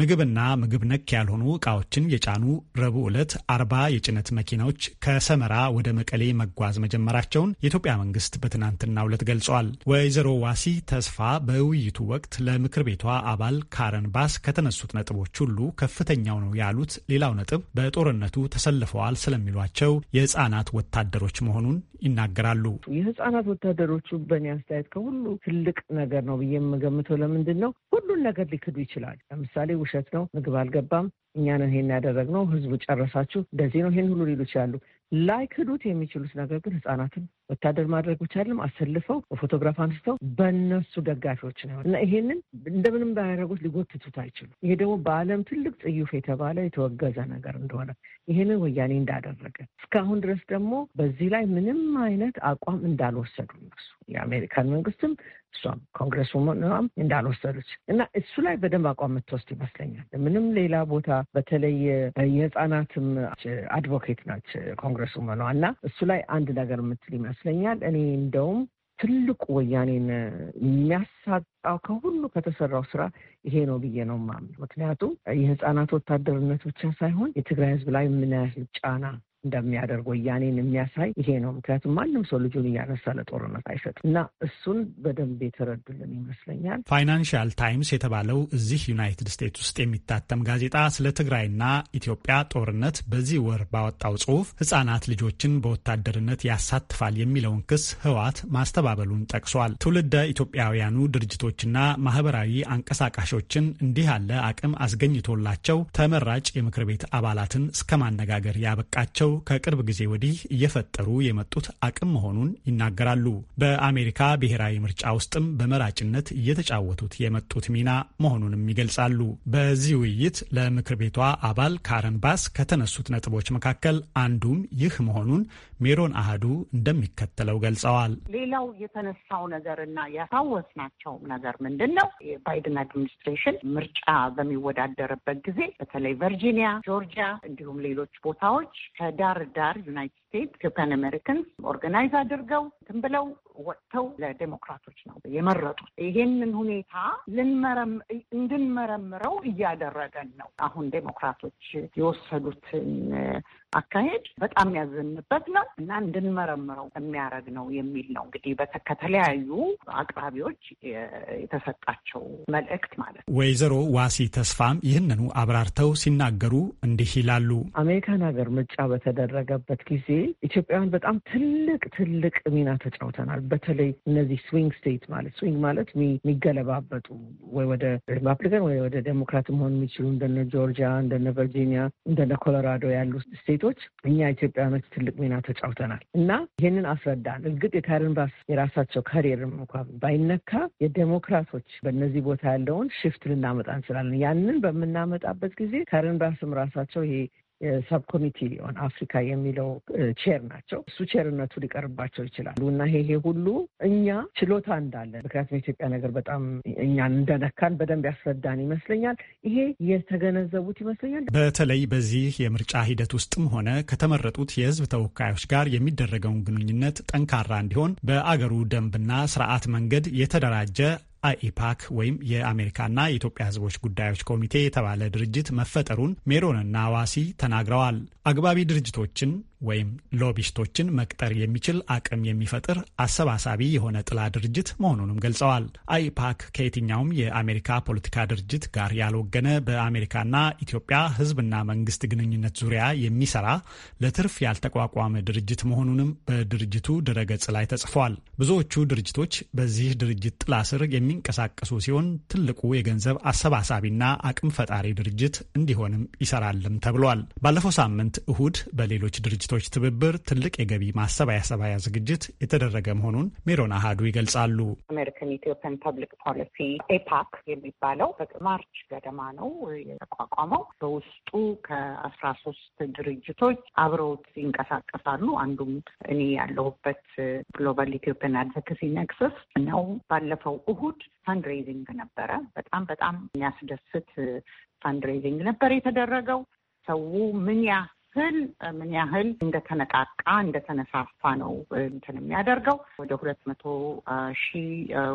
ምግብና ምግብ ነክ ያልሆኑ ዕቃዎችን የጫኑ ረቡዕ ዕለት አርባ የጭነት መኪናዎች ከሰመራ ወደ መቀሌ መጓዝ መጀመራቸውን የኢትዮጵያ መንግስት በትናንትናው ዕለት ገልጿል። ወይዘሮ ዋሲ ተስፋ በውይይቱ ወቅት ለምክር ቤቷ አባል ካረን ባስ ከተነሱት ነጥቦች ሁሉ ከፍተኛው ነው ያሉት ሌላው ነጥብ በጦርነቱ ተሰልፈዋል ስለሚሏቸው የህፃናት ወታደሮች መሆኑን ይናገራሉ። የህፃናት ወታደሮቹ በእኔ አስተያየት ከሁሉ ትልቅ ነገር ነው ብዬ የምገምተው ለምንድን ነው ሁሉን ነገር ሊክዱ ይችላል። ለምሳሌ ውሸት ነው፣ ምግብ አልገባም፣ እኛ ነን ይሄን ያደረግነው፣ ህዝቡ ጨረሳችሁ፣ እንደዚህ ነው፣ ይሄን ሁሉ ሊሉ ይችላሉ። ላይክዱት የሚችሉት ነገር ግን ህጻናትን ወታደር ማድረግ ብቻ አይደለም፣ አሰልፈው በፎቶግራፍ አንስተው በእነሱ ደጋፊዎች ነው እና ይሄንን እንደምንም ባያደረጉት ሊጎትቱት አይችሉም። ይሄ ደግሞ በዓለም ትልቅ ጥዩፍ የተባለ የተወገዘ ነገር እንደሆነ ይሄንን ወያኔ እንዳደረገ እስካሁን ድረስ ደግሞ በዚህ ላይ ምንም አይነት አቋም እንዳልወሰዱ እነሱ የአሜሪካን መንግስትም እሷም ኮንግረስ ውመኗም እና እሱ ላይ በደንብ አቋም የምትወስድ ይመስለኛል። ምንም ሌላ ቦታ በተለይ የህፃናትም አድቮኬት ናች ኮንግረስ እና እሱ ላይ አንድ ነገር የምትል ይመስለኛል። እኔ እንደውም ትልቁ ወያኔን የሚያሳጣው ከሁሉ ከተሰራው ስራ ይሄ ነው ብዬ ነው ማምን። ምክንያቱም የህፃናት ወታደርነት ብቻ ሳይሆን የትግራይ ህዝብ ላይ ምን ያህል ጫና እንደሚያደርግ ወያኔን የሚያሳይ ይሄ ነው። ምክንያቱም ማንም ሰው ልጁን እያነሳ ለጦርነት አይሰጥ እና እሱን በደንብ የተረዱልን ይመስለኛል። ፋይናንሻል ታይምስ የተባለው እዚህ ዩናይትድ ስቴትስ ውስጥ የሚታተም ጋዜጣ ስለ ትግራይና ኢትዮጵያ ጦርነት በዚህ ወር ባወጣው ጽሁፍ ህጻናት ልጆችን በወታደርነት ያሳትፋል የሚለውን ክስ ህወሓት ማስተባበሉን ጠቅሷል። ትውልደ ኢትዮጵያውያኑ ድርጅቶችና ማህበራዊ አንቀሳቃሾችን እንዲህ ያለ አቅም አስገኝቶላቸው ተመራጭ የምክር ቤት አባላትን እስከ ማነጋገር ያበቃቸው ከቅርብ ጊዜ ወዲህ እየፈጠሩ የመጡት አቅም መሆኑን ይናገራሉ። በአሜሪካ ብሔራዊ ምርጫ ውስጥም በመራጭነት እየተጫወቱት የመጡት ሚና መሆኑንም ይገልጻሉ። በዚህ ውይይት ለምክር ቤቷ አባል ካረን ባስ ከተነሱት ነጥቦች መካከል አንዱም ይህ መሆኑን ሜሮን አህዱ እንደሚከተለው ገልጸዋል። ሌላው የተነሳው ነገር እና ያሳወስናቸው ነገር ምንድን ነው? የባይደን አድሚኒስትሬሽን ምርጫ በሚወዳደርበት ጊዜ በተለይ ቨርጂኒያ፣ ጆርጂያ እንዲሁም ሌሎች ቦታዎች ከዳር ዳር ዩናይትድ ስቴትስ ኢትዮጵያን አሜሪካንስ ኦርጋናይዝ አድርገው እንትን ብለው ወጥተው ለዴሞክራቶች ነው የመረጡት። ይሄንን ሁኔታ እንድንመረምረው እያደረገን ነው። አሁን ዴሞክራቶች የወሰዱትን አካሄድ በጣም ያዘንበት ነው እና እንድንመረምረው የሚያደርግ ነው የሚል ነው እንግዲህ ከተለያዩ አቅራቢዎች የተሰጣቸው መልእክት ማለት ነው። ወይዘሮ ዋሲ ተስፋም ይህንኑ አብራርተው ሲናገሩ እንዲህ ይላሉ። አሜሪካን ሀገር ምርጫ በተደረገበት ጊዜ ኢትዮጵያውያን በጣም ትልቅ ትልቅ ሚና ተጫውተናል። በተለይ እነዚህ ስዊንግ ስቴት ማለት ስዊንግ ማለት የሚገለባበጡ ወይ ወደ ሪፐብሊካን ወይ ወደ ዴሞክራት መሆን የሚችሉ እንደነ ጆርጂያ፣ እንደነ ቨርጂኒያ፣ እንደነ ኮሎራዶ ያሉ ስቴቶች ድርጅቶች እኛ ኢትዮጵያኖች ትልቅ ሚና ተጫውተናል እና ይህንን አስረዳን። እርግጥ የካርንባስ የራሳቸው ካሪየርም እንኳን ባይነካ የዴሞክራቶች በእነዚህ ቦታ ያለውን ሽፍት ልናመጣ እንችላለን። ያንን በምናመጣበት ጊዜ ካርንባስም ራሳቸው ይሄ ሰብ ኮሚቲ ኦን አፍሪካ የሚለው ቼር ናቸው። እሱ ቼርነቱ ሊቀርባቸው ይችላሉ እና ይሄ ሁሉ እኛ ችሎታ እንዳለን ምክንያቱም የኢትዮጵያ ነገር በጣም እኛን እንደነካን በደንብ ያስረዳን ይመስለኛል። ይሄ የተገነዘቡት ይመስለኛል። በተለይ በዚህ የምርጫ ሂደት ውስጥም ሆነ ከተመረጡት የህዝብ ተወካዮች ጋር የሚደረገውን ግንኙነት ጠንካራ እንዲሆን በአገሩ ደንብና ስርዓት መንገድ የተደራጀ አኢፓክ ወይም የአሜሪካና የኢትዮጵያ ሕዝቦች ጉዳዮች ኮሚቴ የተባለ ድርጅት መፈጠሩን ሜሮንና ዋሲ ተናግረዋል። አግባቢ ድርጅቶችን ወይም ሎቢስቶችን መቅጠር የሚችል አቅም የሚፈጥር አሰባሳቢ የሆነ ጥላ ድርጅት መሆኑንም ገልጸዋል። አይፓክ ከየትኛውም የአሜሪካ ፖለቲካ ድርጅት ጋር ያልወገነ በአሜሪካና ኢትዮጵያ ሕዝብና መንግስት ግንኙነት ዙሪያ የሚሰራ ለትርፍ ያልተቋቋመ ድርጅት መሆኑንም በድርጅቱ ድረገጽ ላይ ተጽፏል። ብዙዎቹ ድርጅቶች በዚህ ድርጅት ጥላ ስር የሚንቀሳቀሱ ሲሆን ትልቁ የገንዘብ አሰባሳቢና አቅም ፈጣሪ ድርጅት እንዲሆንም ይሰራልም ተብሏል። ባለፈው ሳምንት እሁድ በሌሎች ድርጅት ድርጅቶች ትብብር ትልቅ የገቢ ሰባያ ዝግጅት የተደረገ መሆኑን ሜሮን አሃዱ ይገልጻሉ። አሜሪካን ኢትዮጵያን ፐብሊክ ፖሊሲ ኤፓክ የሚባለው ማርች ገደማ ነው የተቋቋመው። በውስጡ ከአስራ ሶስት ድርጅቶች አብረውት ይንቀሳቀሳሉ። አንዱም እኔ ያለሁበት ግሎባል ኢትዮጵያን አድቮኬሲ ነክሰስ ነው። ባለፈው እሁድ ፋንድሬዚንግ ነበረ። በጣም በጣም የሚያስደስት ፋንድሬዚንግ ነበር የተደረገው። ሰው ምን ያህል ያህል ምን ያህል እንደተነቃቃ እንደተነሳሳ ነው እንትን የሚያደርገው። ወደ ሁለት መቶ ሺህ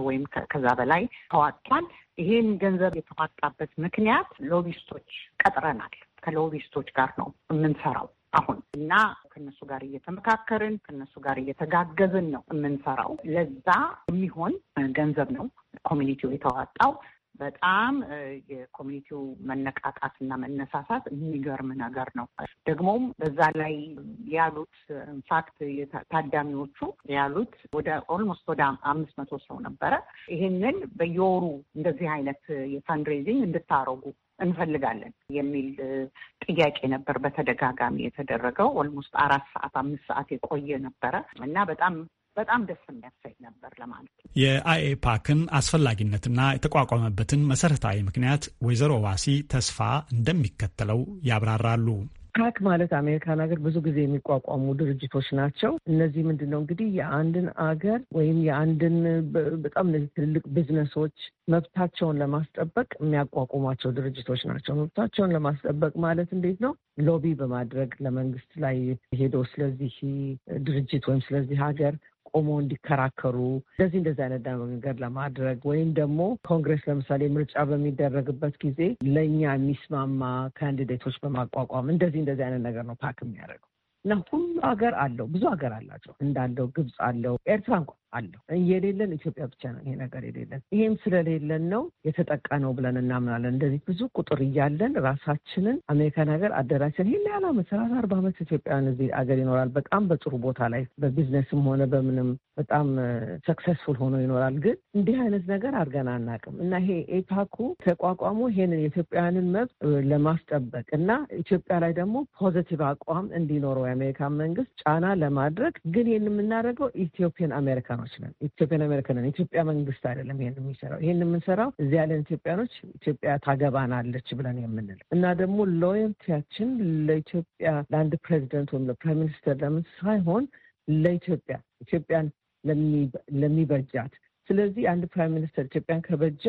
ወይም ከዛ በላይ ተዋጧል። ይሄን ገንዘብ የተዋጣበት ምክንያት ሎቢስቶች ቀጥረናል። ከሎቢስቶች ጋር ነው የምንሰራው አሁን እና ከነሱ ጋር እየተመካከርን ከነሱ ጋር እየተጋገዝን ነው የምንሰራው። ለዛ የሚሆን ገንዘብ ነው ኮሚኒቲው የተዋጣው። በጣም የኮሚኒቲው መነቃቃትና መነሳሳት የሚገርም ነገር ነው። ደግሞም በዛ ላይ ያሉት ኢንፋክት ታዳሚዎቹ ያሉት ወደ ኦልሞስት ወደ አምስት መቶ ሰው ነበረ። ይህንን በየወሩ እንደዚህ አይነት የፈንድሬዚንግ እንድታረጉ እንፈልጋለን የሚል ጥያቄ ነበር በተደጋጋሚ የተደረገው። ኦልሞስት አራት ሰዓት አምስት ሰዓት የቆየ ነበረ እና በጣም በጣም ደስ የሚያሳይ ነበር ለማለት ነው። የአይኤፓክን አስፈላጊነትና የተቋቋመበትን መሰረታዊ ምክንያት ወይዘሮ ዋሲ ተስፋ እንደሚከተለው ያብራራሉ። ፓክ ማለት አሜሪካን ሀገር ብዙ ጊዜ የሚቋቋሙ ድርጅቶች ናቸው። እነዚህ ምንድን ነው እንግዲህ የአንድን አገር ወይም የአንድን በጣም እነዚህ ትልልቅ ቢዝነሶች መብታቸውን ለማስጠበቅ የሚያቋቁሟቸው ድርጅቶች ናቸው። መብታቸውን ለማስጠበቅ ማለት እንዴት ነው? ሎቢ በማድረግ ለመንግስት ላይ ሄዶ ስለዚህ ድርጅት ወይም ስለዚህ ሀገር ቆመው እንዲከራከሩ እንደዚህ እንደዚህ አይነት ነገር ለማድረግ ወይም ደግሞ ኮንግሬስ ለምሳሌ ምርጫ በሚደረግበት ጊዜ ለእኛ የሚስማማ ካንዲዴቶች በማቋቋም እንደዚህ እንደዚህ አይነት ነገር ነው ፓክ የሚያደርገው እና ሁሉ ሀገር አለው ብዙ ሀገር አላቸው እንዳለው ግብፅ አለው ኤርትራ እንኳ አለው። የሌለን ኢትዮጵያ ብቻ ነው ይሄ ነገር የሌለን። ይሄም ስለሌለን ነው የተጠቃ ነው ብለን እናምናለን። እንደዚህ ብዙ ቁጥር እያለን ራሳችንን አሜሪካን ሀገር አደራጅተን ይህን ያህል ዓመት ሰላሳ አርባ ዓመት ኢትዮጵያውያን እዚህ አገር ይኖራል። በጣም በጥሩ ቦታ ላይ በቢዝነስም ሆነ በምንም በጣም ሰክሰስፉል ሆኖ ይኖራል። ግን እንዲህ አይነት ነገር አድርገን አናውቅም እና ይሄ ኤፓኩ ተቋቋሞ ይሄንን የኢትዮጵያውያንን መብት ለማስጠበቅ እና ኢትዮጵያ ላይ ደግሞ ፖዘቲቭ አቋም እንዲኖረው የአሜሪካን መንግስት ጫና ለማድረግ ግን ይህን የምናደርገው ኢትዮፒያን አሜሪካ ኢትዮጵያኖች ነን። ኢትዮጵያን አሜሪካ ነን። ኢትዮጵያ መንግስት አይደለም ይህን የሚሰራው። ይህን የምንሰራው እዚህ ያለን ኢትዮጵያኖች ኢትዮጵያ ታገባናለች ብለን የምንል እና ደግሞ ሎየልቲያችን ለኢትዮጵያ ለአንድ ፕሬዚደንት ወይም ለፕራይም ሚኒስተር ለምን ሳይሆን ለኢትዮጵያ ኢትዮጵያን ለሚበጃት። ስለዚህ አንድ ፕራይም ሚኒስተር ኢትዮጵያን ከበጀ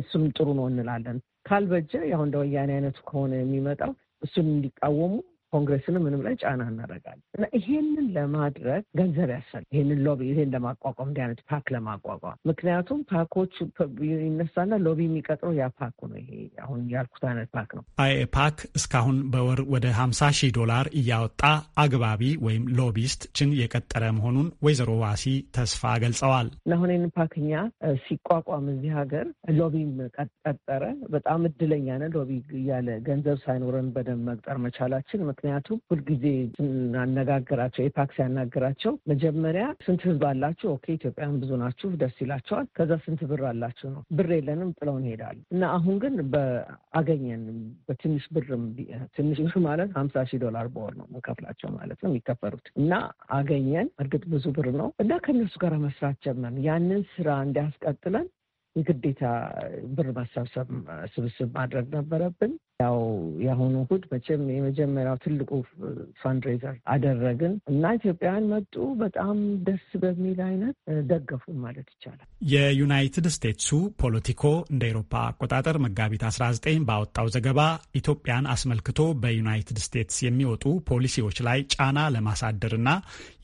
እሱም ጥሩ ነው እንላለን። ካልበጀ ያው እንደ ወያኔ አይነቱ ከሆነ የሚመጣው እሱን እንዲቃወሙ ኮንግሬስንም ምንም ላይ ጫና እናደርጋለን እና ይሄንን ለማድረግ ገንዘብ ያሰል ይሄንን ሎቢ ይሄን ለማቋቋም እንዲህ አይነት ፓክ ለማቋቋም ምክንያቱም ፓኮች ይነሳና ሎቢ የሚቀጥረው ያ ፓክ ነው። ይሄ አሁን ያልኩት አይነት ፓክ ነው። አይ ፓክ እስካሁን በወር ወደ ሀምሳ ሺህ ዶላር እያወጣ አግባቢ ወይም ችን የቀጠረ መሆኑን ወይዘሮ ዋሲ ተስፋ ገልጸዋል። እና አሁን ይህን ፓክኛ ሲቋቋም እዚህ ሀገር ሎቢም ቀጠረ። በጣም እድለኛ ነን። ሎቢ እያለ ገንዘብ ሳይኖረን በደንብ መቅጠር መቻላችን ምክንያቱም ሁልጊዜ ስናነጋግራቸው ኤፓክ ሲያናግራቸው መጀመሪያ ስንት ህዝብ አላችሁ? ኦኬ ኢትዮጵያን ብዙ ናችሁ፣ ደስ ይላቸዋል። ከዛ ስንት ብር አላችሁ ነው። ብር የለንም ጥለውን ይሄዳሉ። እና አሁን ግን በአገኘን በትንሽ ብርም ትንሽ ብር ማለት ሀምሳ ሺህ ዶላር በወር ነው መከፍላቸው ማለት ነው የሚከፈሉት። እና አገኘን እርግጥ ብዙ ብር ነው። እና ከእነሱ ጋር መስራት ጀመርን። ያንን ስራ እንዲያስቀጥለን የግዴታ ብር መሰብሰብ ስብስብ ማድረግ ነበረብን። ያው የአሁኑ እሑድ መቼም የመጀመሪያው ትልቁ ፋንድሬዘር አደረግን እና ኢትዮጵያውያን መጡ። በጣም ደስ በሚል አይነት ደገፉ ማለት ይቻላል። የዩናይትድ ስቴትሱ ፖለቲኮ እንደ ኤሮፓ አቆጣጠር መጋቢት 19 ባወጣው ዘገባ ኢትዮጵያን አስመልክቶ በዩናይትድ ስቴትስ የሚወጡ ፖሊሲዎች ላይ ጫና ለማሳደር ና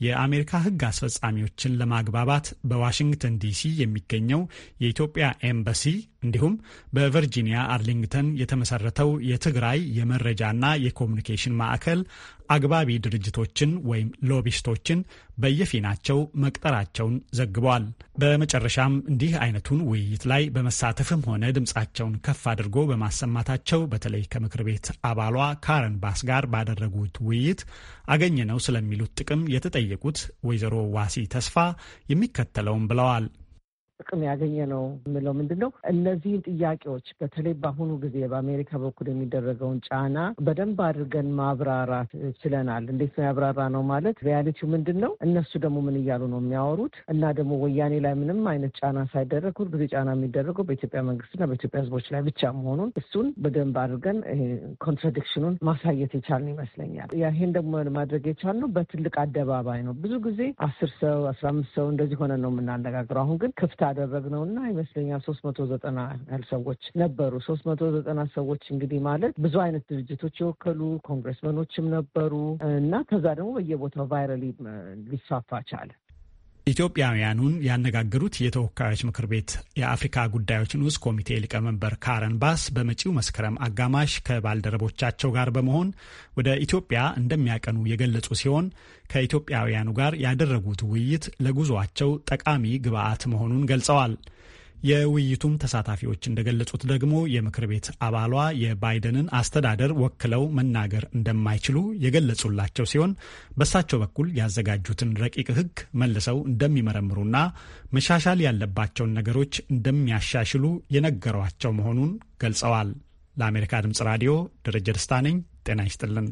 የአሜሪካ ሕግ አስፈጻሚዎችን ለማግባባት በዋሽንግተን ዲሲ የሚገኘው የኢትዮጵያ ኤምባሲ እንዲሁም በቨርጂኒያ አርሊንግተን የተመሰረተው የትግራይ የመረጃና የኮሚኒኬሽን ማዕከል አግባቢ ድርጅቶችን ወይም ሎቢስቶችን በየፊናቸው መቅጠራቸውን ዘግቧል። በመጨረሻም እንዲህ አይነቱን ውይይት ላይ በመሳተፍም ሆነ ድምፃቸውን ከፍ አድርጎ በማሰማታቸው በተለይ ከምክር ቤት አባሏ ካረን ባስ ጋር ባደረጉት ውይይት አገኘ ነው ስለሚሉት ጥቅም የተጠየቁት ወይዘሮ ዋሲ ተስፋ የሚከተለውም ብለዋል። ጥቅም ያገኘ ነው የምለው ምንድን ነው እነዚህን ጥያቄዎች በተለይ በአሁኑ ጊዜ በአሜሪካ በኩል የሚደረገውን ጫና በደንብ አድርገን ማብራራት ችለናል። እንዴት ነው ያብራራ ነው ማለት ሪያሊቲው ምንድን ነው፣ እነሱ ደግሞ ምን እያሉ ነው የሚያወሩት እና ደግሞ ወያኔ ላይ ምንም አይነት ጫና ሳይደረግ ሁልጊዜ ጫና የሚደረገው በኢትዮጵያ መንግስትና በኢትዮጵያ ህዝቦች ላይ ብቻ መሆኑን እሱን በደንብ አድርገን ኮንትራዲክሽኑን ማሳየት የቻልን ይመስለኛል። ይሄን ደግሞ ማድረግ የቻልነው በትልቅ አደባባይ ነው። ብዙ ጊዜ አስር ሰው አስራ አምስት ሰው እንደዚህ ሆነ ነው የምናነጋግረው። አሁን ግን ክፍታ አደረግነው እና ይመስለኛል ሶስት መቶ ዘጠና ያህል ሰዎች ነበሩ። ሶስት መቶ ዘጠና ሰዎች እንግዲህ ማለት ብዙ አይነት ድርጅቶች የወከሉ ኮንግረስመኖችም ነበሩ እና ከዛ ደግሞ በየቦታው ቫይራሊ ሊስፋፋ ቻለ። ኢትዮጵያውያኑን ያነጋገሩት የተወካዮች ምክር ቤት የአፍሪካ ጉዳዮች ንዑስ ኮሚቴ ሊቀመንበር ካረን ባስ በመጪው መስከረም አጋማሽ ከባልደረቦቻቸው ጋር በመሆን ወደ ኢትዮጵያ እንደሚያቀኑ የገለጹ ሲሆን ከኢትዮጵያውያኑ ጋር ያደረጉት ውይይት ለጉዞአቸው ጠቃሚ ግብዓት መሆኑን ገልጸዋል። የውይይቱም ተሳታፊዎች እንደገለጹት ደግሞ የምክር ቤት አባሏ የባይደንን አስተዳደር ወክለው መናገር እንደማይችሉ የገለጹላቸው ሲሆን በሳቸው በኩል ያዘጋጁትን ረቂቅ ሕግ መልሰው እንደሚመረምሩና መሻሻል ያለባቸውን ነገሮች እንደሚያሻሽሉ የነገሯቸው መሆኑን ገልጸዋል። ለአሜሪካ ድምጽ ራዲዮ ደረጀ ደስታ ነኝ። ጤና ይስጥልን።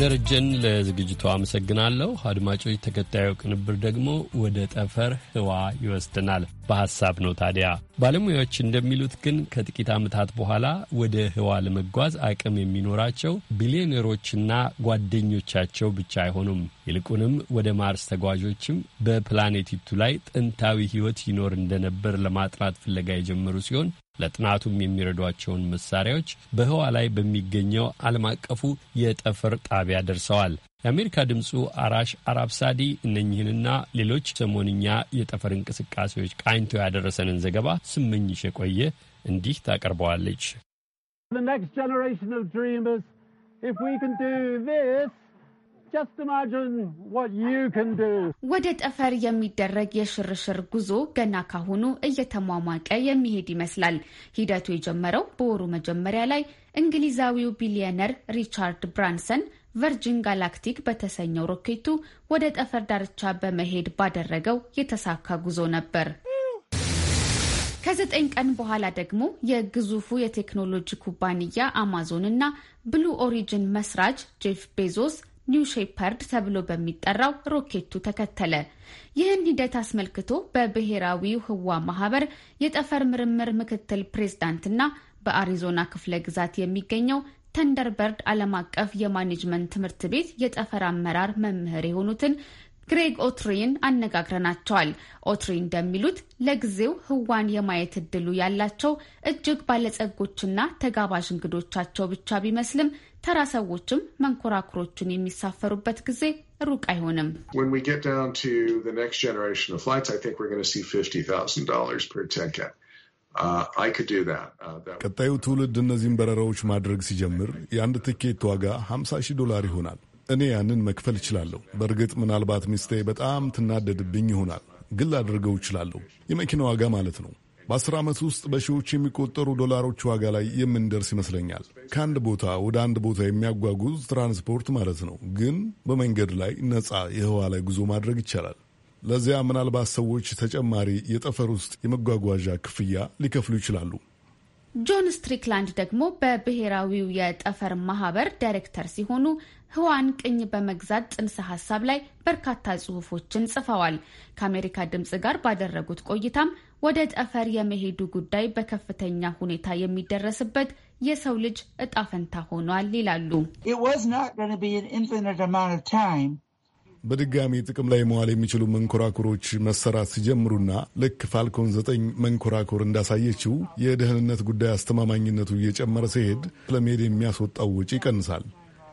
ደረጀን ለዝግጅቱ አመሰግናለሁ። አድማጮች፣ ተከታዩ ቅንብር ደግሞ ወደ ጠፈር ህዋ ይወስደናል። በሐሳብ ነው ታዲያ። ባለሙያዎች እንደሚሉት ግን ከጥቂት ዓመታት በኋላ ወደ ህዋ ለመጓዝ አቅም የሚኖራቸው ቢሊዮነሮችና ጓደኞቻቸው ብቻ አይሆኑም። ይልቁንም ወደ ማርስ ተጓዦችም በፕላኔቲቱ ላይ ጥንታዊ ህይወት ይኖር እንደነበር ለማጥራት ፍለጋ የጀመሩ ሲሆን ለጥናቱም የሚረዷቸውን መሳሪያዎች በህዋ ላይ በሚገኘው ዓለም አቀፉ የጠፈር ጣቢያ ደርሰዋል። የአሜሪካ ድምፁ አራሽ አራብ ሳዲ እነኝህንና ሌሎች ሰሞንኛ የጠፈር እንቅስቃሴዎች ቃኝቶ ያደረሰንን ዘገባ ስመኝሽ የቆየ እንዲህ ታቀርበዋለች። ወደ ጠፈር የሚደረግ የሽርሽር ጉዞ ገና ካሁኑ እየተሟሟቀ የሚሄድ ይመስላል። ሂደቱ የጀመረው በወሩ መጀመሪያ ላይ እንግሊዛዊው ቢሊዮነር ሪቻርድ ብራንሰን ቨርጂን ጋላክቲክ በተሰኘው ሮኬቱ ወደ ጠፈር ዳርቻ በመሄድ ባደረገው የተሳካ ጉዞ ነበር። ከዘጠኝ ቀን በኋላ ደግሞ የግዙፉ የቴክኖሎጂ ኩባንያ አማዞን እና ብሉ ኦሪጅን መስራች ጄፍ ቤዞስ ኒው ሼፐርድ ተብሎ በሚጠራው ሮኬቱ ተከተለ። ይህን ሂደት አስመልክቶ በብሔራዊው ህዋ ማህበር የጠፈር ምርምር ምክትል ፕሬዝዳንትና በአሪዞና ክፍለ ግዛት የሚገኘው ተንደርበርድ ዓለም አቀፍ የማኔጅመንት ትምህርት ቤት የጠፈር አመራር መምህር የሆኑትን ግሬግ ኦትሪን አነጋግረናቸዋል። ኦትሪ እንደሚሉት ለጊዜው ህዋን የማየት እድሉ ያላቸው እጅግ ባለጸጎችና ተጋባዥ እንግዶቻቸው ብቻ ቢመስልም ተራ ሰዎችም መንኮራኩሮቹን የሚሳፈሩበት ጊዜ ሩቅ አይሆንም። uh, uh, ቀጣዩ ትውልድ እነዚህን በረራዎች ማድረግ ሲጀምር የአንድ ትኬት ዋጋ 50 ሺህ ዶላር ይሆናል። እኔ ያንን መክፈል እችላለሁ። በእርግጥ ምናልባት ሚስቴ በጣም ትናደድብኝ ይሆናል፣ ግን አድርገው እችላለሁ። የመኪና ዋጋ ማለት ነው። በአስር ዓመት ውስጥ በሺዎች የሚቆጠሩ ዶላሮች ዋጋ ላይ የምንደርስ ይመስለኛል። ከአንድ ቦታ ወደ አንድ ቦታ የሚያጓጉዝ ትራንስፖርት ማለት ነው። ግን በመንገድ ላይ ነፃ የህዋ ላይ ጉዞ ማድረግ ይቻላል። ለዚያ ምናልባት ሰዎች ተጨማሪ የጠፈር ውስጥ የመጓጓዣ ክፍያ ሊከፍሉ ይችላሉ። ጆን ስትሪክላንድ ደግሞ በብሔራዊው የጠፈር ማህበር ዳይሬክተር ሲሆኑ ህዋን ቅኝ በመግዛት ጥንሰ ሀሳብ ላይ በርካታ ጽሁፎችን ጽፈዋል። ከአሜሪካ ድምፅ ጋር ባደረጉት ቆይታም ወደ ጠፈር የመሄዱ ጉዳይ በከፍተኛ ሁኔታ የሚደረስበት የሰው ልጅ እጣ ፈንታ ሆኗል ይላሉ። በድጋሚ ጥቅም ላይ መዋል የሚችሉ መንኮራኩሮች መሰራት ሲጀምሩና ልክ ፋልኮን ዘጠኝ መንኮራኩር እንዳሳየችው የደህንነት ጉዳይ አስተማማኝነቱ እየጨመረ ሲሄድ ለመሄድ የሚያስወጣው ወጪ ይቀንሳል።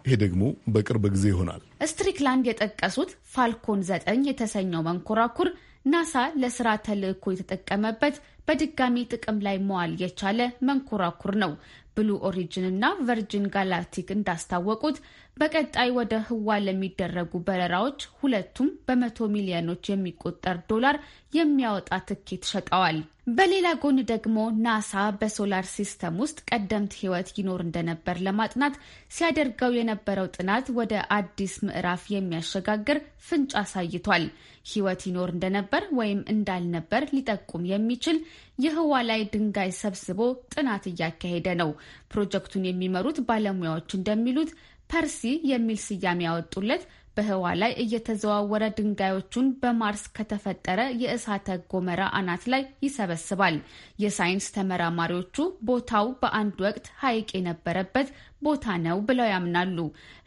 ይሄ ደግሞ በቅርብ ጊዜ ይሆናል። ስትሪክላንድ የጠቀሱት ፋልኮን ዘጠኝ የተሰኘው መንኮራኩር ናሳ ለስራ ተልእኮ የተጠቀመበት በድጋሚ ጥቅም ላይ መዋል የቻለ መንኮራኩር ነው። ብሉ ኦሪጅን እና ቨርጂን ጋላክቲክ እንዳስታወቁት በቀጣይ ወደ ህዋ ለሚደረጉ በረራዎች ሁለቱም በመቶ ሚሊዮኖች የሚቆጠር ዶላር የሚያወጣ ትኬት ሸጠዋል። በሌላ ጎን ደግሞ ናሳ በሶላር ሲስተም ውስጥ ቀደምት ህይወት ይኖር እንደነበር ለማጥናት ሲያደርገው የነበረው ጥናት ወደ አዲስ ምዕራፍ የሚያሸጋግር ፍንጭ አሳይቷል። ህይወት ይኖር እንደነበር ወይም እንዳልነበር ሊጠቁም የሚችል የህዋ ላይ ድንጋይ ሰብስቦ ጥናት እያካሄደ ነው። ፕሮጀክቱን የሚመሩት ባለሙያዎች እንደሚሉት ፐርሲ የሚል ስያሜ ያወጡለት በህዋ ላይ እየተዘዋወረ ድንጋዮቹን በማርስ ከተፈጠረ የእሳተ ጎመራ አናት ላይ ይሰበስባል። የሳይንስ ተመራማሪዎቹ ቦታው በአንድ ወቅት ሐይቅ የነበረበት ቦታ ነው ብለው ያምናሉ።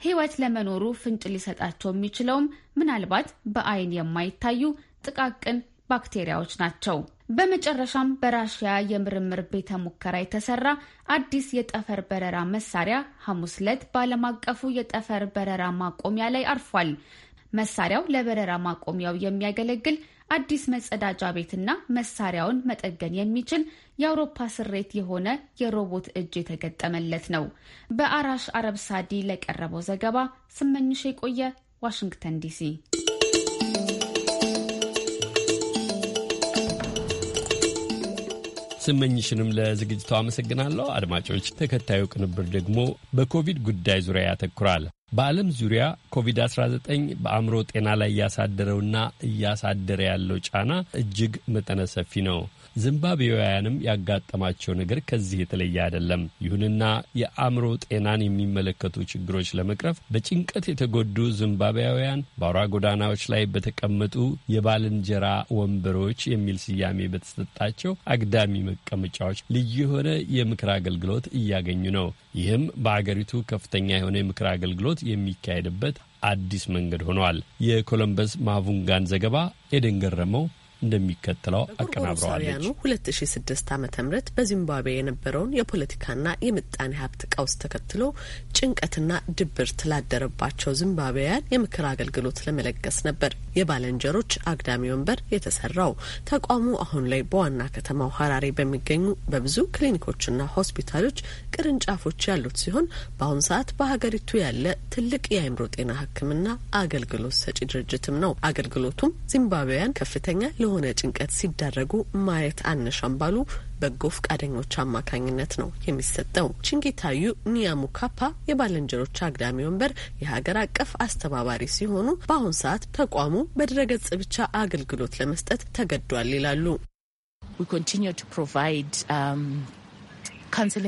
ህይወት ለመኖሩ ፍንጭ ሊሰጣቸው የሚችለውም ምናልባት በአይን የማይታዩ ጥቃቅን ባክቴሪያዎች ናቸው። በመጨረሻም በራሽያ የምርምር ቤተ ሙከራ የተሰራ አዲስ የጠፈር በረራ መሳሪያ ሐሙስ ዕለት በዓለም አቀፉ የጠፈር በረራ ማቆሚያ ላይ አርፏል። መሳሪያው ለበረራ ማቆሚያው የሚያገለግል አዲስ መጸዳጃ ቤትና መሳሪያውን መጠገን የሚችል የአውሮፓ ስሬት የሆነ የሮቦት እጅ የተገጠመለት ነው። በአራሽ አረብ ሳዲ ለቀረበው ዘገባ ስመኝሽ የቆየ ዋሽንግተን ዲሲ ስመኝሽንም ለዝግጅቱ አመሰግናለሁ። አድማጮች፣ ተከታዩ ቅንብር ደግሞ በኮቪድ ጉዳይ ዙሪያ ያተኩራል። በዓለም ዙሪያ ኮቪድ-19 በአእምሮ ጤና ላይ እያሳደረውና እያሳደረ ያለው ጫና እጅግ መጠነ ሰፊ ነው። ዚምባብዌውያንም ያጋጠማቸው ነገር ከዚህ የተለየ አይደለም። ይሁንና የአእምሮ ጤናን የሚመለከቱ ችግሮች ለመቅረፍ በጭንቀት የተጎዱ ዝምባብያውያን በአውራ ጎዳናዎች ላይ በተቀመጡ የባልንጀራ ወንበሮች የሚል ስያሜ በተሰጣቸው አግዳሚ መቀመጫዎች ልዩ የሆነ የምክር አገልግሎት እያገኙ ነው። ይህም በአገሪቱ ከፍተኛ የሆነ የምክር አገልግሎት የሚካሄድበት አዲስ መንገድ ሆኗል። የኮሎምበስ ማቡንጋን ዘገባ ኤደን ገረመው እንደሚከተለው አቀናብረዋለች። ያኑ 2006 ዓ.ም በዚምባብዌ የነበረውን የፖለቲካና የምጣኔ ሀብት ቀውስ ተከትሎ ጭንቀትና ድብርት ላደረባቸው ዚምባብዌያን የምክር አገልግሎት ለመለገስ ነበር የባለንጀሮች አግዳሚ ወንበር የተሰራው። ተቋሙ አሁን ላይ በዋና ከተማው ሀራሬ በሚገኙ በብዙ ክሊኒኮችና ሆስፒታሎች ቅርንጫፎች ያሉት ሲሆን በአሁኑ ሰዓት በሀገሪቱ ያለ ትልቅ የአእምሮ ጤና ሕክምና አገልግሎት ሰጪ ድርጅትም ነው። አገልግሎቱም ዚምባብዌያን ከፍተኛ ለሆነ ጭንቀት ሲዳረጉ ማየት አንሻም ባሉ በጎ ፈቃደኞች አማካኝነት ነው የሚሰጠው። ችንጌታዩ ኒያሙ ካፓ የባለንጀሮች አግዳሚ ወንበር የሀገር አቀፍ አስተባባሪ ሲሆኑ በአሁን ሰዓት ተቋሙ በድረገጽ ብቻ አገልግሎት ለመስጠት ተገዷል ይላሉ። um, uh,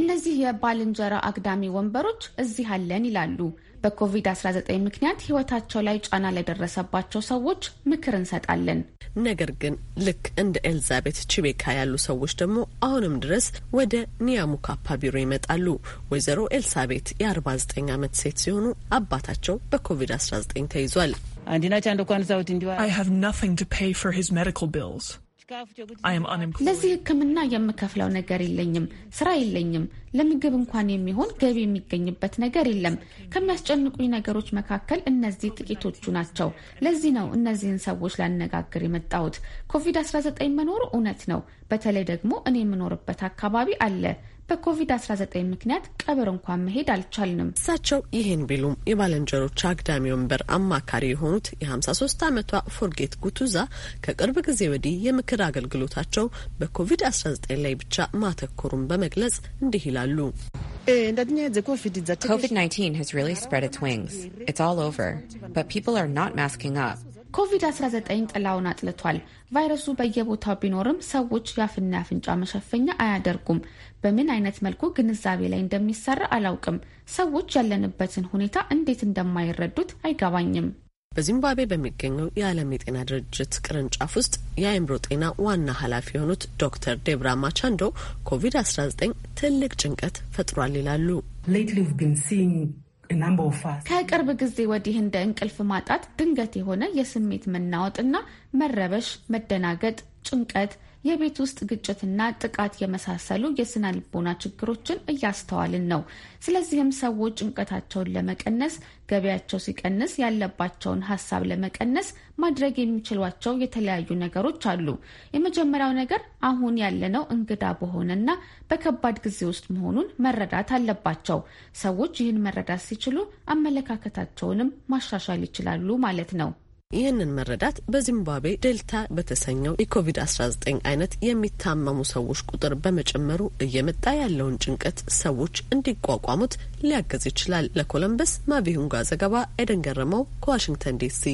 እነዚህ የባልንጀራ አግዳሚ ወንበሮች እዚህ አለን ይላሉ በኮቪድ-19 ምክንያት ህይወታቸው ላይ ጫና ለደረሰባቸው ሰዎች ምክር እንሰጣለን። ነገር ግን ልክ እንደ ኤልዛቤት ቺቤካ ያሉ ሰዎች ደግሞ አሁንም ድረስ ወደ ኒያሙካፓ ቢሮ ይመጣሉ። ወይዘሮ ኤልሳቤት የ49 ዓመት ሴት ሲሆኑ አባታቸው በኮቪድ-19 ተይዟል። I have nothing to pay for his medical ለዚህ ሕክምና የምከፍለው ነገር የለኝም። ስራ የለኝም። ለምግብ እንኳን የሚሆን ገቢ የሚገኝበት ነገር የለም። ከሚያስጨንቁኝ ነገሮች መካከል እነዚህ ጥቂቶቹ ናቸው። ለዚህ ነው እነዚህን ሰዎች ላነጋግር የመጣሁት። ኮቪድ-19 መኖሩ እውነት ነው። በተለይ ደግሞ እኔ የምኖርበት አካባቢ አለ። በኮቪድ-19 ምክንያት ቀብር እንኳን መሄድ አልቻልንም። እሳቸው ይህን ቢሉም የባለንጀሮች አግዳሚ ወንበር አማካሪ የሆኑት የ53 ዓመቷ ፎርጌት ጉቱዛ ከቅርብ ጊዜ ወዲህ የምክር አገልግሎታቸው በኮቪድ-19 ላይ ብቻ ማተኮሩን በመግለጽ እንዲህ ይላሉ። eh, ኮቪድ-19 ስ really ስ its wings. It's all over. But people are not masking up. ኮቪድ-19 ጥላውን አጥልቷል። ቫይረሱ በየቦታው ቢኖርም ሰዎች የአፍና የአፍንጫ መሸፈኛ አያደርጉም። በምን አይነት መልኩ ግንዛቤ ላይ እንደሚሰራ አላውቅም። ሰዎች ያለንበትን ሁኔታ እንዴት እንደማይረዱት አይገባኝም። በዚምባብዌ በሚገኘው የዓለም የጤና ድርጅት ቅርንጫፍ ውስጥ የአእምሮ ጤና ዋና ኃላፊ የሆኑት ዶክተር ዴብራ ማቻንዶ ኮቪድ-19 ትልቅ ጭንቀት ፈጥሯል ይላሉ። ከቅርብ ጊዜ ወዲህ እንደ እንቅልፍ ማጣት፣ ድንገት የሆነ የስሜት መናወጥና መረበሽ፣ መደናገጥ፣ ጭንቀት የቤት ውስጥ ግጭትና ጥቃት የመሳሰሉ የስነ ልቦና ችግሮችን እያስተዋልን ነው። ስለዚህም ሰዎች ጭንቀታቸውን ለመቀነስ ገቢያቸው ሲቀንስ ያለባቸውን ሀሳብ ለመቀነስ ማድረግ የሚችሏቸው የተለያዩ ነገሮች አሉ። የመጀመሪያው ነገር አሁን ያለነው እንግዳ በሆነና በከባድ ጊዜ ውስጥ መሆኑን መረዳት አለባቸው። ሰዎች ይህን መረዳት ሲችሉ አመለካከታቸውንም ማሻሻል ይችላሉ ማለት ነው። ይህንን መረዳት በዚምባብዌ ዴልታ በተሰኘው የኮቪድ-19 አይነት የሚታመሙ ሰዎች ቁጥር በመጨመሩ እየመጣ ያለውን ጭንቀት ሰዎች እንዲቋቋሙት ሊያገዝ ይችላል። ለኮለምበስ ማቪሁንጋ ዘገባ ኤደን ገረመው ከዋሽንግተን ዲሲ።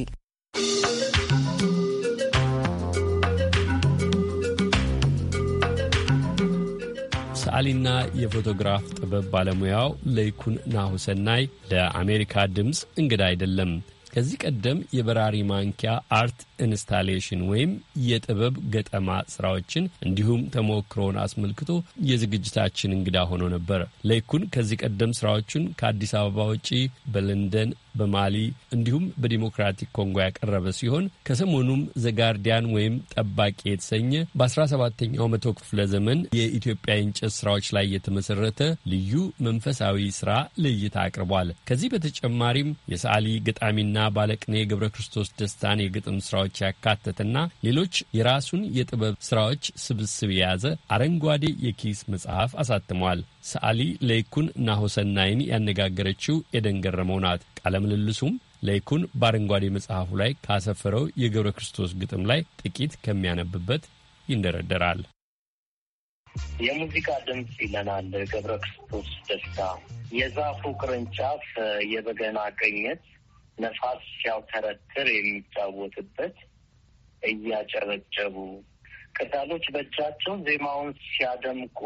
ሰዓሊና የፎቶግራፍ ጥበብ ባለሙያው ለይኩን ናሁሰናይ ለአሜሪካ ድምፅ እንግዳ አይደለም። ከዚህ ቀደም የበራሪ ማንኪያ አርት ኢንስታሌሽን ወይም የጥበብ ገጠማ ስራዎችን እንዲሁም ተሞክሮውን አስመልክቶ የዝግጅታችን እንግዳ ሆኖ ነበር። ለይኩን ከዚህ ቀደም ስራዎቹን ከአዲስ አበባ ውጪ በለንደን በማሊ እንዲሁም በዲሞክራቲክ ኮንጎ ያቀረበ ሲሆን ከሰሞኑም ዘጋርዲያን ወይም ጠባቂ የተሰኘ በ17ኛው መቶ ክፍለ ዘመን የኢትዮጵያ የእንጨት ስራዎች ላይ የተመሰረተ ልዩ መንፈሳዊ ስራ ለእይታ አቅርቧል። ከዚህ በተጨማሪም የሰዓሊ ገጣሚና ባለቅኔ ገብረ ክርስቶስ ደስታን የግጥም ስራዎች ያካተተና ሌሎች የራሱን የጥበብ ስራዎች ስብስብ የያዘ አረንጓዴ የኪስ መጽሐፍ አሳትሟል። ሰዓሊ ለይኩን ናሆሰናይን ያነጋገረችው ኤደን ገረመው ናት። ቃለምልልሱም ለይኩን በአረንጓዴ መጽሐፉ ላይ ካሰፈረው የገብረ ክርስቶስ ግጥም ላይ ጥቂት ከሚያነብበት ይንደረደራል። የሙዚቃ ድምፅ ይለናል ገብረ ክርስቶስ ደስታ። የዛፉ ቅርንጫፍ የበገና ቅኝት ነፋስ ሲያውተረትር የሚጫወትበት እያጨበጨቡ ቅጠሎች በእጃቸው ዜማውን ሲያደምቁ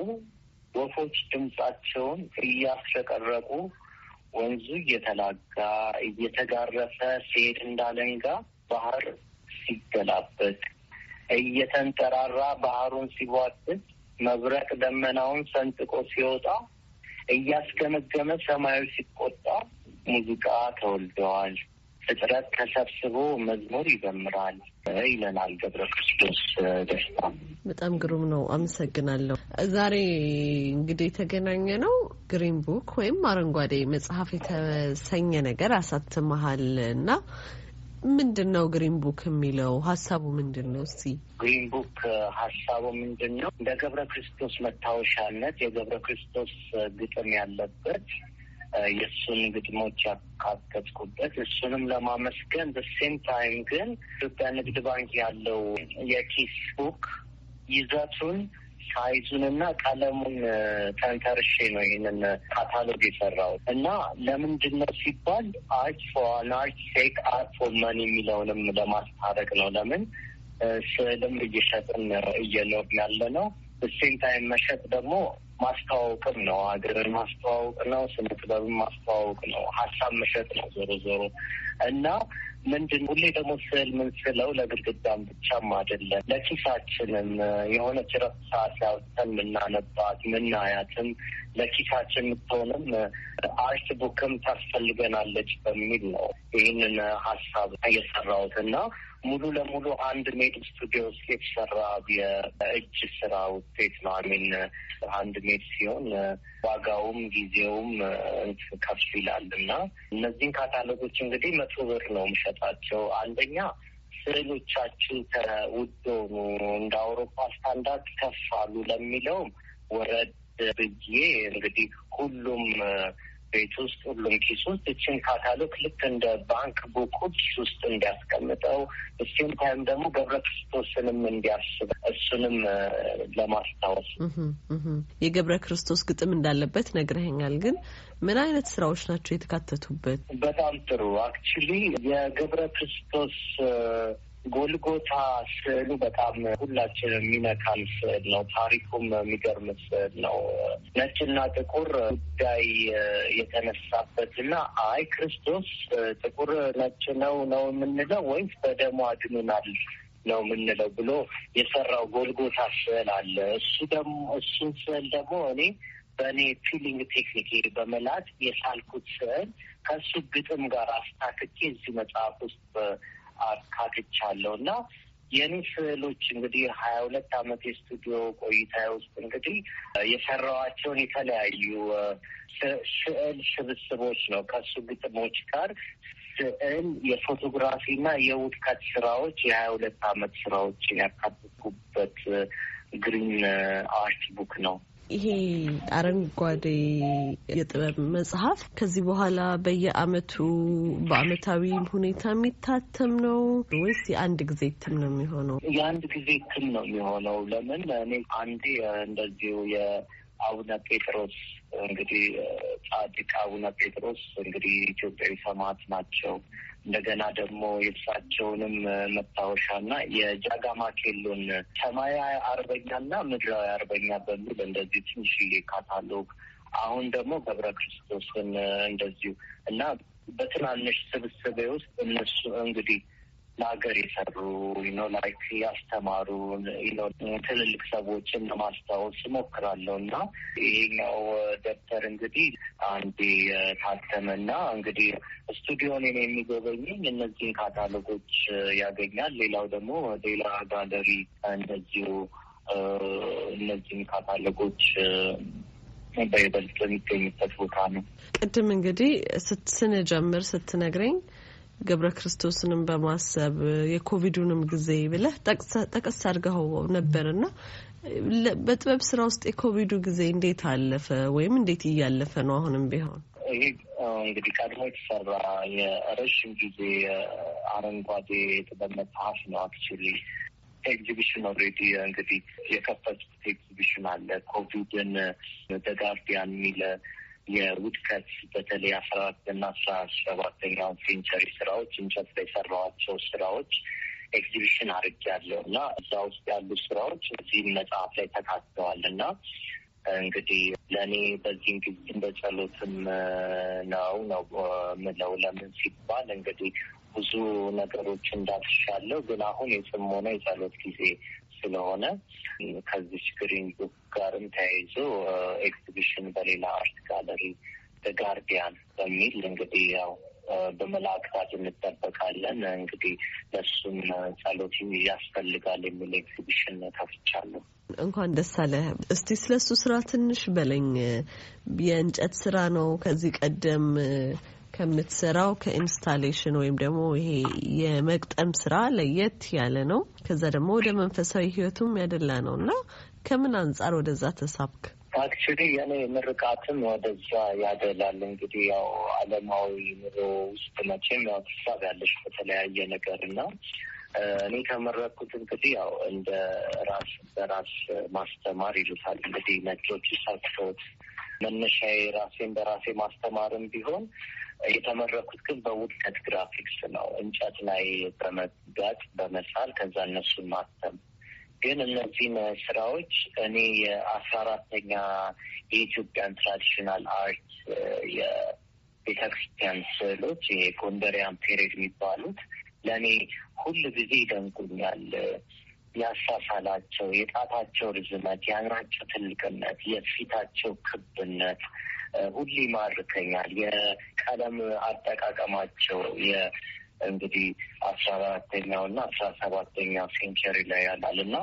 ወፎች ድምጻቸውን እያስረቀረቁ ወንዙ እየተላጋ እየተጋረፈ ሲሄድ እንዳለንጋ ባህር ሲገላበት እየተንጠራራ ባህሩን ሲቧትት መብረቅ ደመናውን ሰንጥቆ ሲወጣ እያስገመገመ ሰማዩ ሲቆጣ ሙዚቃ ተወልደዋል። ፍጥረት ተሰብስቦ መዝሙር ይዘምራል ይለናል ገብረ ክርስቶስ ደስታ። በጣም ግሩም ነው። አመሰግናለሁ። ዛሬ እንግዲህ የተገናኘ ነው ግሪን ቡክ ወይም አረንጓዴ መጽሐፍ የተሰኘ ነገር አሳትመሃል እና ምንድን ነው ግሪን ቡክ የሚለው ሀሳቡ ምንድን ነው? እስቲ ግሪን ቡክ ሀሳቡ ምንድን ነው? እንደ ገብረ ክርስቶስ መታወሻነት የገብረ ክርስቶስ ግጥም ያለበት የእሱን ግጥሞች ያካተትኩበት እሱንም ለማመስገን በሴም ታይም ግን ኢትዮጵያ ንግድ ባንክ ያለው የኪስ ቡክ ይዘቱን ሳይዙንና ቀለሙን ተንተርሼ ነው ይህንን ካታሎግ የሰራው እና ለምንድን ነው ሲባል አርት ፎር አርት ሴክ አርት የሚለውንም ለማስታረቅ ነው። ለምን ስዕልም እየሸጥን እየኖር ያለ ነው። በሴም ታይም መሸጥ ደግሞ ማስተዋወቅም ነው። ሀገርን ማስተዋወቅ ነው። ስነ ጥበብን ማስተዋወቅ ነው። ሀሳብ መሸጥ ነው ዞሮ ዞሮ እና ምንድን ሁሌ ደግሞ ስዕል ምንስለው ለግድግዳም ብቻም አይደለም፣ ለኪሳችንም የሆነች ረፍት ሰዓት ያውጥተን ምናነባት ምናያትም ለኪሳችን የምትሆንም አርት ቡክም ታስፈልገናለች በሚል ነው ይህንን ሀሳብ እየሰራሁት እና ሙሉ ለሙሉ አንድ ሜድ ስቱዲዮ ውስጥ የተሰራ የእጅ ስራ ውጤት ነው። አሚን አንድ ሜድ ሲሆን ዋጋውም ጊዜውም ከፍ ይላል እና እነዚህን ካታሎጎች እንግዲህ መቶ ብር ነው የምሸጣቸው። አንደኛ ስዕሎቻችን ከውድ ሆኑ እንደ አውሮፓ ስታንዳርድ ከፍ አሉ ለሚለውም ወረድ ብዬ እንግዲህ ሁሉም ቤት ውስጥ ሁሉም ኪስ ውስጥ እችን ካታሎግ ልክ እንደ ባንክ ቡኩ ኪስ ውስጥ እንዲያስቀምጠው እሲም ታይም ደግሞ ገብረ ክርስቶስንም እንዲያስብ እሱንም ለማስታወስ የገብረ ክርስቶስ ግጥም እንዳለበት ነግረኸኛል። ግን ምን አይነት ስራዎች ናቸው የተካተቱበት? በጣም ጥሩ አክቹሊ የገብረ ክርስቶስ ጎልጎታ ስዕሉ በጣም ሁላችን የሚነካል ስዕል ነው። ታሪኩም የሚገርም ስዕል ነው። ነጭና ጥቁር ጉዳይ የተነሳበት እና አይ ክርስቶስ ጥቁር ነጭ ነው ነው የምንለው ወይስ በደሞ አድኑናል ነው የምንለው ብሎ የሰራው ጎልጎታ ስዕል አለ። እሱ ደግሞ እሱን ስዕል ደግሞ እኔ በእኔ ፊሊንግ ቴክኒክ በመላት የሳልኩት ስዕል ከእሱ ግጥም ጋር አስታክኬ እዚህ መጽሐፍ ውስጥ አካትቻለሁ እና የኔ ስዕሎች እንግዲህ ሀያ ሁለት አመት የስቱዲዮ ቆይታ ውስጥ እንግዲህ የሰራዋቸውን የተለያዩ ስዕል ስብስቦች ነው። ከሱ ግጥሞች ጋር ስዕል፣ የፎቶግራፊ እና የውድቀት ስራዎች የሀያ ሁለት አመት ስራዎችን ያካትኩበት ግሪን አርት ቡክ ነው። ይሄ አረንጓዴ የጥበብ መጽሐፍ ከዚህ በኋላ በየአመቱ በአመታዊ ሁኔታ የሚታተም ነው ወይስ የአንድ ጊዜ እትም ነው የሚሆነው? የአንድ ጊዜ እትም ነው የሚሆነው። ለምን እኔ አንዴ እንደዚሁ የአቡነ ጴጥሮስ እንግዲህ ጻድቅ አቡነ ጴጥሮስ እንግዲህ ኢትዮጵያዊ ሰማዕት ናቸው። እንደገና ደግሞ የእሳቸውንም መታወሻና የጃጋማ ኬሎን ሰማያዊ አርበኛና ምድራዊ አርበኛ በሚል እንደዚህ ትንሽዬ ካታሎግ አሁን ደግሞ ገብረ ክርስቶስን እንደዚሁ እና በትናንሽ ስብስቤ ውስጥ እነሱ እንግዲህ ለሀገር የሰሩ ነው ላይክ ያስተማሩ ትልልቅ ሰዎችን ለማስታወስ እሞክራለሁ እና ይሄኛው ደብተር እንግዲህ አንዴ የታተመና እንግዲህ ስቱዲዮን የሚጎበኝኝ እነዚህን ካታሎጎች ያገኛል። ሌላው ደግሞ ሌላ ጋለሪ እንደዚሁ እነዚህን ካታሎጎች በይበልጥ የሚገኝበት ቦታ ነው። ቅድም እንግዲህ ስንጀምር ስትነግረኝ ገብረ ክርስቶስንም በማሰብ የኮቪዱንም ጊዜ ብለህ ጠቀስ አድርገው ነበርና በጥበብ ስራ ውስጥ የኮቪዱ ጊዜ እንዴት አለፈ ወይም እንዴት እያለፈ ነው? አሁንም ቢሆን ይሄ እንግዲህ ቀድሞ የተሰራ የረዥም ጊዜ አረንጓዴ ጥበብ መጽሐፍ ነው። አክቹዋሊ ኤግዚቢሽን ኦልሬዲ እንግዲህ የከፈቱት ኤግዚቢሽን አለ ኮቪድን ደጋርዲያን የሚለ የውድቀት በተለይ አስራ አራት አስራ ሰባተኛውን ሴንቸሪ ስራዎች እንጨት ላይ የሰራኋቸው ስራዎች ኤግዚቢሽን አድርጌያለሁ እና እዛ ውስጥ ያሉ ስራዎች እዚህም መጽሐፍ ላይ ተካተዋል እና እንግዲህ ለእኔ በዚህም ጊዜ በጸሎትም ነው ነው ምለው ለምን ሲባል እንግዲህ ብዙ ነገሮች እንዳትሻለው ግን አሁን የጽሞና የጸሎት ጊዜ ስለሆነ ከዚች ስክሪን ቡክ ጋርም ተያይዞ ኤግዚቢሽን uh, በሌላ አርት ጋለሪ ጋርዲያን በሚል እንግዲህ ያው uh, በመላእክታት እንጠበቃለን እንግዲህ ለሱም uh, ጸሎት ያስፈልጋል የሚል ኤግዚቢሽን ከፍቻለሁ። እንኳን ደስ አለህ። እስቲ ስለ እሱ ስራ ትንሽ በለኝ። የእንጨት ስራ ነው። ከዚህ ቀደም ከምትሰራው ከኢንስታሌሽን ወይም ደግሞ ይሄ የመቅጠም ስራ ለየት ያለ ነው። ከዛ ደግሞ ወደ መንፈሳዊ ህይወቱም ያደላ ነው እና ከምን አንጻር ወደዛ ተሳብክ? አክቹሊ የኔ ምርቃትም ወደዛ ያደላል። እንግዲህ ያው አለማዊ ኑሮ ውስጥ መቼም ያው ትሳብ ያለሽ በተለያየ ነገር እና እኔ ከመረኩት እንግዲህ ያው እንደ ራስ በራስ ማስተማር ይሉታል እንግዲህ ነጮች ሳቸውት መነሻዬ ራሴን በራሴ ማስተማርም ቢሆን የተመረኩት ግን በውድቀት ግራፊክስ ነው። እንጨት ላይ በመጋጥ በመሳል ከዛ እነሱን ማተም ግን እነዚህን ስራዎች እኔ የአስራ አራተኛ የኢትዮጵያን ትራዲሽናል አርት የቤተክርስቲያን ስዕሎች ይሄ ጎንደሪያን ፔሬድ የሚባሉት ለእኔ ሁል ጊዜ ይደንቁኛል። ያሳሳላቸው፣ የጣታቸው ርዝመት፣ የአይናቸው ትልቅነት፣ የፊታቸው ክብነት ሁሌ ማርከኛል። የቀለም አጠቃቀማቸው እንግዲህ አስራ አራተኛው እና አስራ ሰባተኛው ሴንቸሪ ላይ ያላል እና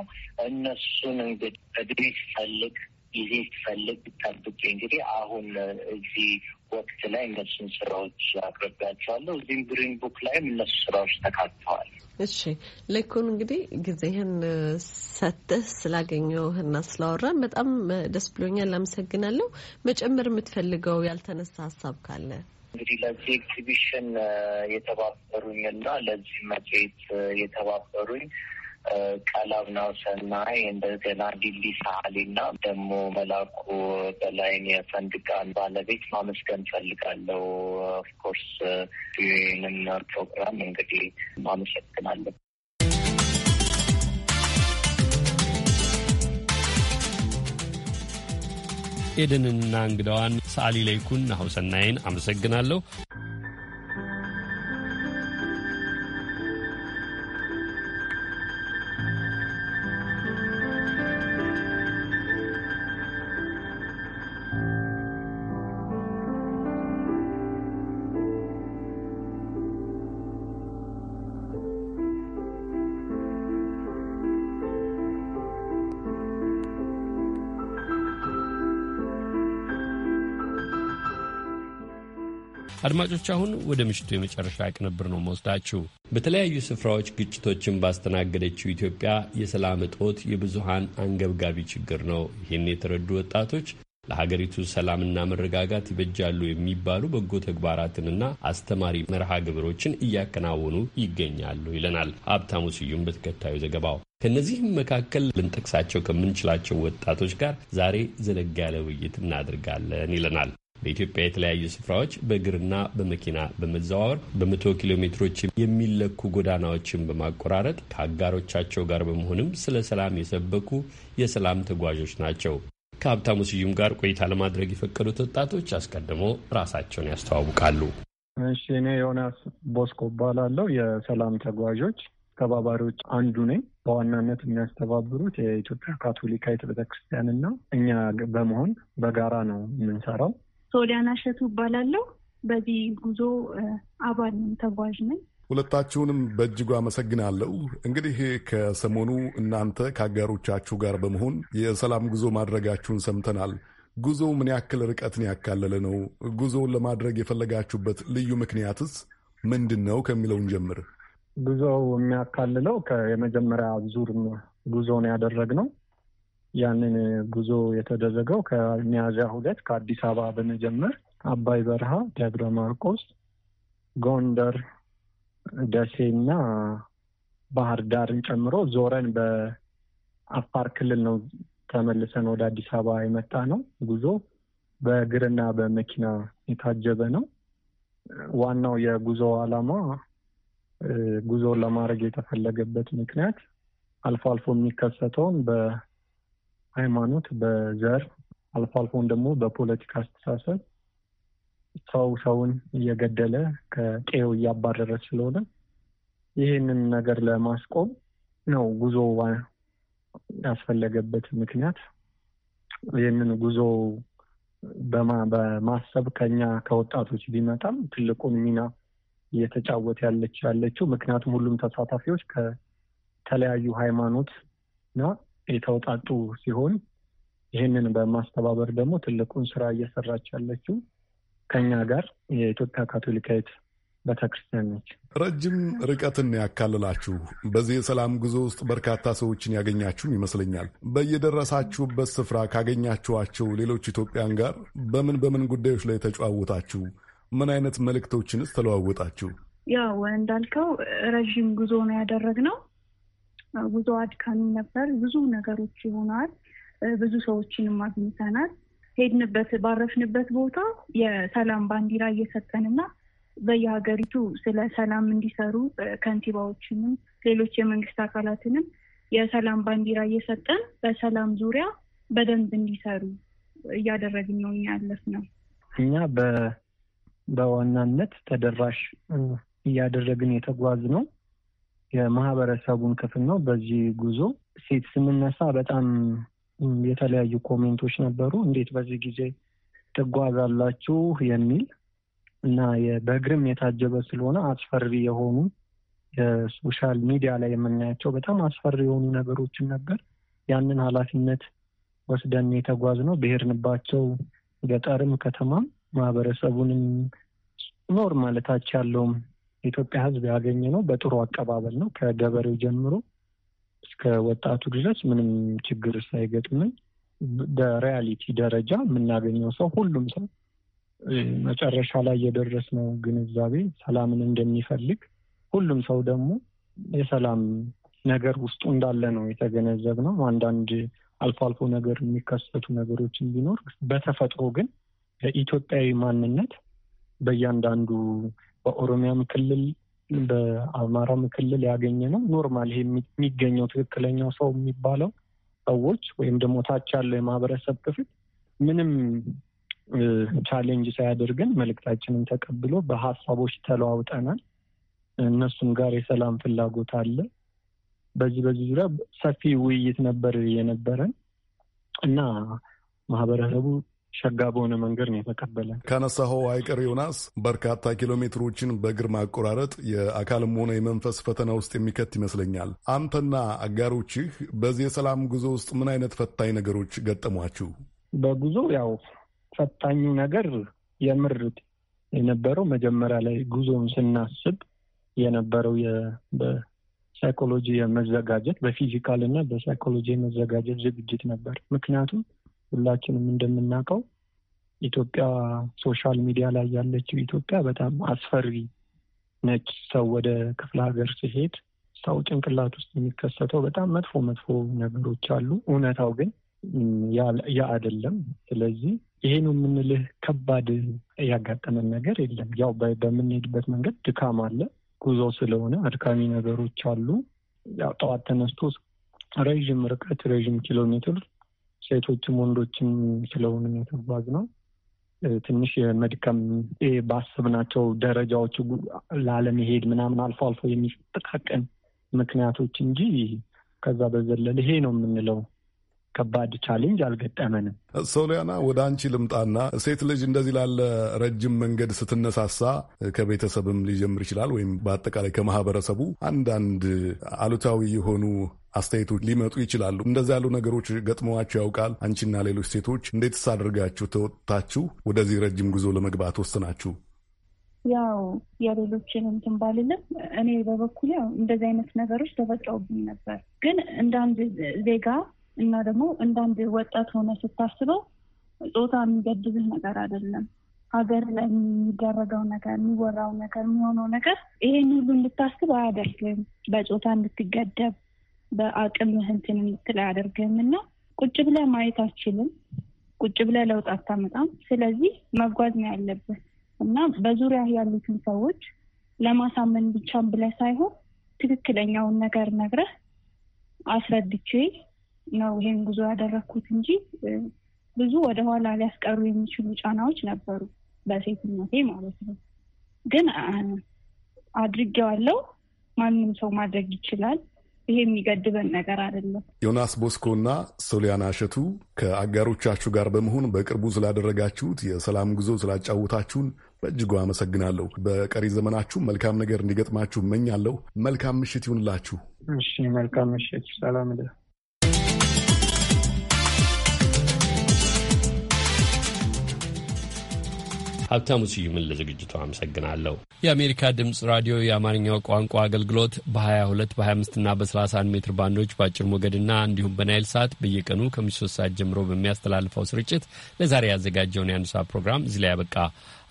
እነሱን እንግዲህ እድሜ ሲፈልግ ጊዜ ትፈልግ ጠብቄ እንግዲህ አሁን እዚህ ወቅት ላይ እነሱን ስራዎች አቅርቢያቸዋለሁ። እዚህም ግሪን ቡክ ላይም እነሱ ስራዎች ተካተዋል። እሺ ልኩን እንግዲህ ጊዜህን ሰጥተህ ስላገኘሁህና ስላወራን በጣም ደስ ብሎኛል። አመሰግናለሁ። መጨመር የምትፈልገው ያልተነሳ ሀሳብ ካለ እንግዲህ ለዚህ ኤግዚቢሽን የተባበሩኝ እና ለዚህ መጽሔት የተባበሩኝ ቀላምናው ሰናይ፣ እንደገና ዲሊ ሊሊሳ አሊና ደግሞ መላኩ በላይን የፈንድቃን ባለቤት ማመስገን ፈልጋለው። ኦፍኮርስ ይህንን ፕሮግራም እንግዲህ ማመሰግናለን። ኤደንንና እንግዳዋን ሰዓሊ ለይኩን ናሁሰናይን አመሰግናለሁ። አድማጮች አሁን ወደ ምሽቱ የመጨረሻ ቅንብር ነው መወስዳችሁ። በተለያዩ ስፍራዎች ግጭቶችን ባስተናገደችው ኢትዮጵያ የሰላም እጦት የብዙሃን አንገብጋቢ ችግር ነው። ይህን የተረዱ ወጣቶች ለሀገሪቱ ሰላምና መረጋጋት ይበጃሉ የሚባሉ በጎ ተግባራትንና አስተማሪ መርሃ ግብሮችን እያከናወኑ ይገኛሉ ይለናል ሀብታሙ ስዩም በተከታዩ ዘገባው። ከእነዚህም መካከል ልንጠቅሳቸው ከምንችላቸው ወጣቶች ጋር ዛሬ ዘለግ ያለ ውይይት እናድርጋለን ይለናል። በኢትዮጵያ የተለያዩ ስፍራዎች በእግርና በመኪና በመዘዋወር በመቶ ኪሎ ሜትሮች የሚለኩ ጎዳናዎችን በማቆራረጥ ከአጋሮቻቸው ጋር በመሆንም ስለ ሰላም የሰበኩ የሰላም ተጓዦች ናቸው። ከሀብታሙ ስዩም ጋር ቆይታ ለማድረግ የፈቀዱት ወጣቶች አስቀድሞ ራሳቸውን ያስተዋውቃሉ። እሺ፣ እኔ ዮናስ ቦስኮ እባላለሁ። የሰላም ተጓዦች አስተባባሪዎች አንዱ ነኝ። በዋናነት የሚያስተባብሩት የኢትዮጵያ ካቶሊካዊት ቤተክርስቲያንና እኛ በመሆን በጋራ ነው የምንሰራው። ሶሊያና እሸቱ እባላለሁ። በዚህ ጉዞ አባል ነኝ፣ ተጓዥ ነኝ። ሁለታችሁንም በእጅጉ አመሰግናለሁ። እንግዲህ ከሰሞኑ እናንተ ከአጋሮቻችሁ ጋር በመሆን የሰላም ጉዞ ማድረጋችሁን ሰምተናል። ጉዞ ምን ያክል ርቀትን ያካለለ ነው? ጉዞውን ለማድረግ የፈለጋችሁበት ልዩ ምክንያትስ ምንድን ነው ከሚለውን ጀምር። ጉዞው የሚያካልለው የመጀመሪያ ዙር ጉዞ ነው ያደረግነው ያንን ጉዞ የተደረገው ከሚያዝያ ሁለት ከአዲስ አበባ በመጀመር አባይ በረሃ፣ ደብረ ማርቆስ፣ ጎንደር፣ ደሴና ባህር ዳርን ጨምሮ ዞረን በአፋር ክልል ነው ተመልሰን ወደ አዲስ አበባ የመጣ ነው። ጉዞ በእግርና በመኪና የታጀበ ነው። ዋናው የጉዞ ዓላማ ጉዞ ለማድረግ የተፈለገበት ምክንያት አልፎ አልፎ የሚከሰተውን ሃይማኖት፣ በዘር አልፎ አልፎን ደግሞ በፖለቲካ አስተሳሰብ ሰው ሰውን እየገደለ ከቄው እያባረረ ስለሆነ ይህንን ነገር ለማስቆም ነው ጉዞ ያስፈለገበት ምክንያት። ይህንን ጉዞ በማሰብ ከኛ ከወጣቶች ቢመጣም ትልቁን ሚና እየተጫወተ ያለች ያለችው ምክንያቱም ሁሉም ተሳታፊዎች ከተለያዩ ሃይማኖት እና የተውጣጡ ሲሆን ይህንን በማስተባበር ደግሞ ትልቁን ስራ እየሰራች ያለችው ከኛ ጋር የኢትዮጵያ ካቶሊካዊት ቤተክርስቲያን ነች። ረጅም ርቀትን ያካልላችሁ በዚህ የሰላም ጉዞ ውስጥ በርካታ ሰዎችን ያገኛችሁም ይመስለኛል። በየደረሳችሁበት ስፍራ ካገኛችኋቸው ሌሎች ኢትዮጵያን ጋር በምን በምን ጉዳዮች ላይ ተጨዋወታችሁ? ምን አይነት መልእክቶችንስ ተለዋወጣችሁ? ያው እንዳልከው ረዥም ጉዞ ነው ያደረግነው። ጉዞ አድካሚ ነበር። ብዙ ነገሮች ይሆናል። ብዙ ሰዎችንም አግኝተናል። ሄድንበት ባረፍንበት ቦታ የሰላም ባንዲራ እየሰጠንና በየሀገሪቱ ስለ ሰላም እንዲሰሩ ከንቲባዎችንም ሌሎች የመንግስት አካላትንም የሰላም ባንዲራ እየሰጠን በሰላም ዙሪያ በደንብ እንዲሰሩ እያደረግን ነው ያለፍ ነው። እኛ በዋናነት ተደራሽ እያደረግን የተጓዝ ነው የማህበረሰቡን ክፍል ነው። በዚህ ጉዞ ሴት ስምነሳ በጣም የተለያዩ ኮሜንቶች ነበሩ። እንዴት በዚህ ጊዜ ትጓዛላችሁ የሚል እና በእግርም የታጀበ ስለሆነ አስፈሪ የሆኑ የሶሻል ሚዲያ ላይ የምናያቸው በጣም አስፈሪ የሆኑ ነገሮችን ነበር። ያንን ኃላፊነት ወስደን የተጓዝ ነው። ብሄርንባቸው ገጠርም ከተማም ማህበረሰቡንም ኖር ማለታች ያለውም የኢትዮጵያ ሕዝብ ያገኘ ነው በጥሩ አቀባበል ነው። ከገበሬው ጀምሮ እስከ ወጣቱ ድረስ ምንም ችግር ሳይገጥምን በሪያሊቲ ደረጃ የምናገኘው ሰው ሁሉም ሰው መጨረሻ ላይ የደረስነው ግንዛቤ ሰላምን እንደሚፈልግ ሁሉም ሰው ደግሞ የሰላም ነገር ውስጡ እንዳለ ነው የተገነዘብ ነው። አንዳንድ አልፎ አልፎ ነገር የሚከሰቱ ነገሮችን ቢኖር በተፈጥሮ ግን በኢትዮጵያዊ ማንነት በእያንዳንዱ በኦሮሚያም ክልል በአማራም ክልል ያገኘ ነው። ኖርማል ይሄ የሚገኘው ትክክለኛው ሰው የሚባለው ሰዎች ወይም ደግሞ ታች ያለው የማህበረሰብ ክፍል ምንም ቻሌንጅ ሳያደርገን መልእክታችንን ተቀብሎ በሀሳቦች ተለዋውጠናል። እነሱም ጋር የሰላም ፍላጎት አለ። በዚህ በዚህ ዙሪያ ሰፊ ውይይት ነበር የነበረን እና ማህበረሰቡ ሸጋ በሆነ መንገድ ነው የተቀበለ። ካነሳኸው አይቀር ዮናስ በርካታ ኪሎ ሜትሮችን በእግር ማቆራረጥ የአካልም ሆነ የመንፈስ ፈተና ውስጥ የሚከት ይመስለኛል። አንተና አጋሮችህ በዚህ የሰላም ጉዞ ውስጥ ምን አይነት ፈታኝ ነገሮች ገጠሟችሁ? በጉዞ ያው ፈታኙ ነገር የምር የነበረው መጀመሪያ ላይ ጉዞውን ስናስብ የነበረው በሳይኮሎጂ የመዘጋጀት በፊዚካል እና በሳይኮሎጂ የመዘጋጀት ዝግጅት ነበር። ምክንያቱም ሁላችንም እንደምናውቀው ኢትዮጵያ ሶሻል ሚዲያ ላይ ያለችው ኢትዮጵያ በጣም አስፈሪ ነች። ሰው ወደ ክፍለ ሀገር ሲሄድ ሰው ጭንቅላት ውስጥ የሚከሰተው በጣም መጥፎ መጥፎ ነገሮች አሉ። እውነታው ግን ያ አይደለም። ስለዚህ ይሄ ነው የምንልህ ከባድ ያጋጠመን ነገር የለም። ያው በምንሄድበት መንገድ ድካም አለ። ጉዞ ስለሆነ አድካሚ ነገሮች አሉ። ያው ጠዋት ተነስቶ ረዥም ርቀት ረዥም ኪሎ ሜትር ሴቶችም ወንዶችም ስለሆኑ የተጓዝ ነው። ትንሽ የመድከም ባሰብናቸው ደረጃዎች ላለመሄድ ምናምን አልፎ አልፎ የሚጠቃቀን ምክንያቶች እንጂ ከዛ በዘለል ይሄ ነው የምንለው ከባድ ቻሌንጅ አልገጠመንም። ሶሊያና ወደ አንቺ ልምጣና ሴት ልጅ እንደዚህ ላለ ረጅም መንገድ ስትነሳሳ ከቤተሰብም ሊጀምር ይችላል ወይም በአጠቃላይ ከማህበረሰቡ አንዳንድ አሉታዊ የሆኑ አስተያየቶች ሊመጡ ይችላሉ። እንደዚህ ያሉ ነገሮች ገጥመዋችሁ ያውቃል? አንቺና ሌሎች ሴቶች እንዴትስ አድርጋችሁ ተወጥታችሁ ወደዚህ ረጅም ጉዞ ለመግባት ወስናችሁ? ያው የሌሎችን እንትን ባልልም እኔ በበኩል ያው እንደዚህ አይነት ነገሮች ተፈጥረውብኝ ነበር፣ ግን እንደ አንድ ዜጋ እና ደግሞ እንዳንድ ወጣት ሆነ ስታስበው ጾታ የሚገድብህ ነገር አይደለም። ሀገር ላይ የሚደረገው ነገር፣ የሚወራው ነገር፣ የሚሆነው ነገር ይሄን ሁሉ እንድታስብ አያደርግም። በጾታ እንድትገደብ በአቅም እንትን እንድትል አያደርግም እና ቁጭ ብለ ማየት አችልም። ቁጭ ብለ ለውጥ አታመጣም። ስለዚህ መጓዝ ነው ያለብን እና በዙሪያ ያሉትን ሰዎች ለማሳመን ብቻም ብለ ሳይሆን ትክክለኛውን ነገር ነግረህ አስረድቼ ነው ይህን ጉዞ ያደረግኩት እንጂ ብዙ ወደኋላ ሊያስቀሩ የሚችሉ ጫናዎች ነበሩ፣ በሴትነቴ ማለት ነው። ግን አድርጌዋለሁ። ማንም ሰው ማድረግ ይችላል። ይሄ የሚገድበን ነገር አይደለም። ዮናስ ቦስኮና ሶሊያና እሸቱ ከአጋሮቻችሁ ጋር በመሆን በቅርቡ ስላደረጋችሁት የሰላም ጉዞ ስላጫወታችሁን በእጅጉ አመሰግናለሁ። በቀሪ ዘመናችሁ መልካም ነገር እንዲገጥማችሁ እመኛለሁ። መልካም ምሽት ይሁንላችሁ። እሺ፣ መልካም ምሽት። ሰላም። ሀብታሙ ስዩምን ለዝግጅቱ አመሰግናለሁ። የአሜሪካ ድምፅ ራዲዮ የአማርኛው ቋንቋ አገልግሎት በ22 25 እና በ31 ሜትር ባንዶች በአጭር ሞገድና እንዲሁም በናይል ሰዓት በየቀኑ ከምሽቱ 3 ሰዓት ጀምሮ በሚያስተላልፈው ስርጭት ለዛሬ ያዘጋጀውን የአንድ ሰዓት ፕሮግራም እዚህ ላይ ያበቃ።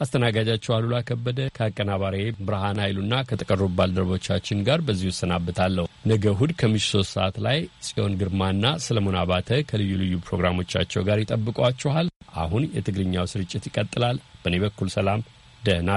አስተናጋጃችሁ አሉላ ከበደ ከአቀናባሪ ብርሃን ኃይሉና ከተቀሩ ባልደረቦቻችን ጋር በዚሁ እሰናብታለሁ። ነገ እሁድ ከምሽቱ 3 ሰዓት ላይ ጽዮን ግርማና ሰለሞን አባተ ከልዩ ልዩ ፕሮግራሞቻቸው ጋር ይጠብቋችኋል። አሁን የትግርኛው ስርጭት ይቀጥላል። በእኔ በኩል ሰላም፣ ደህና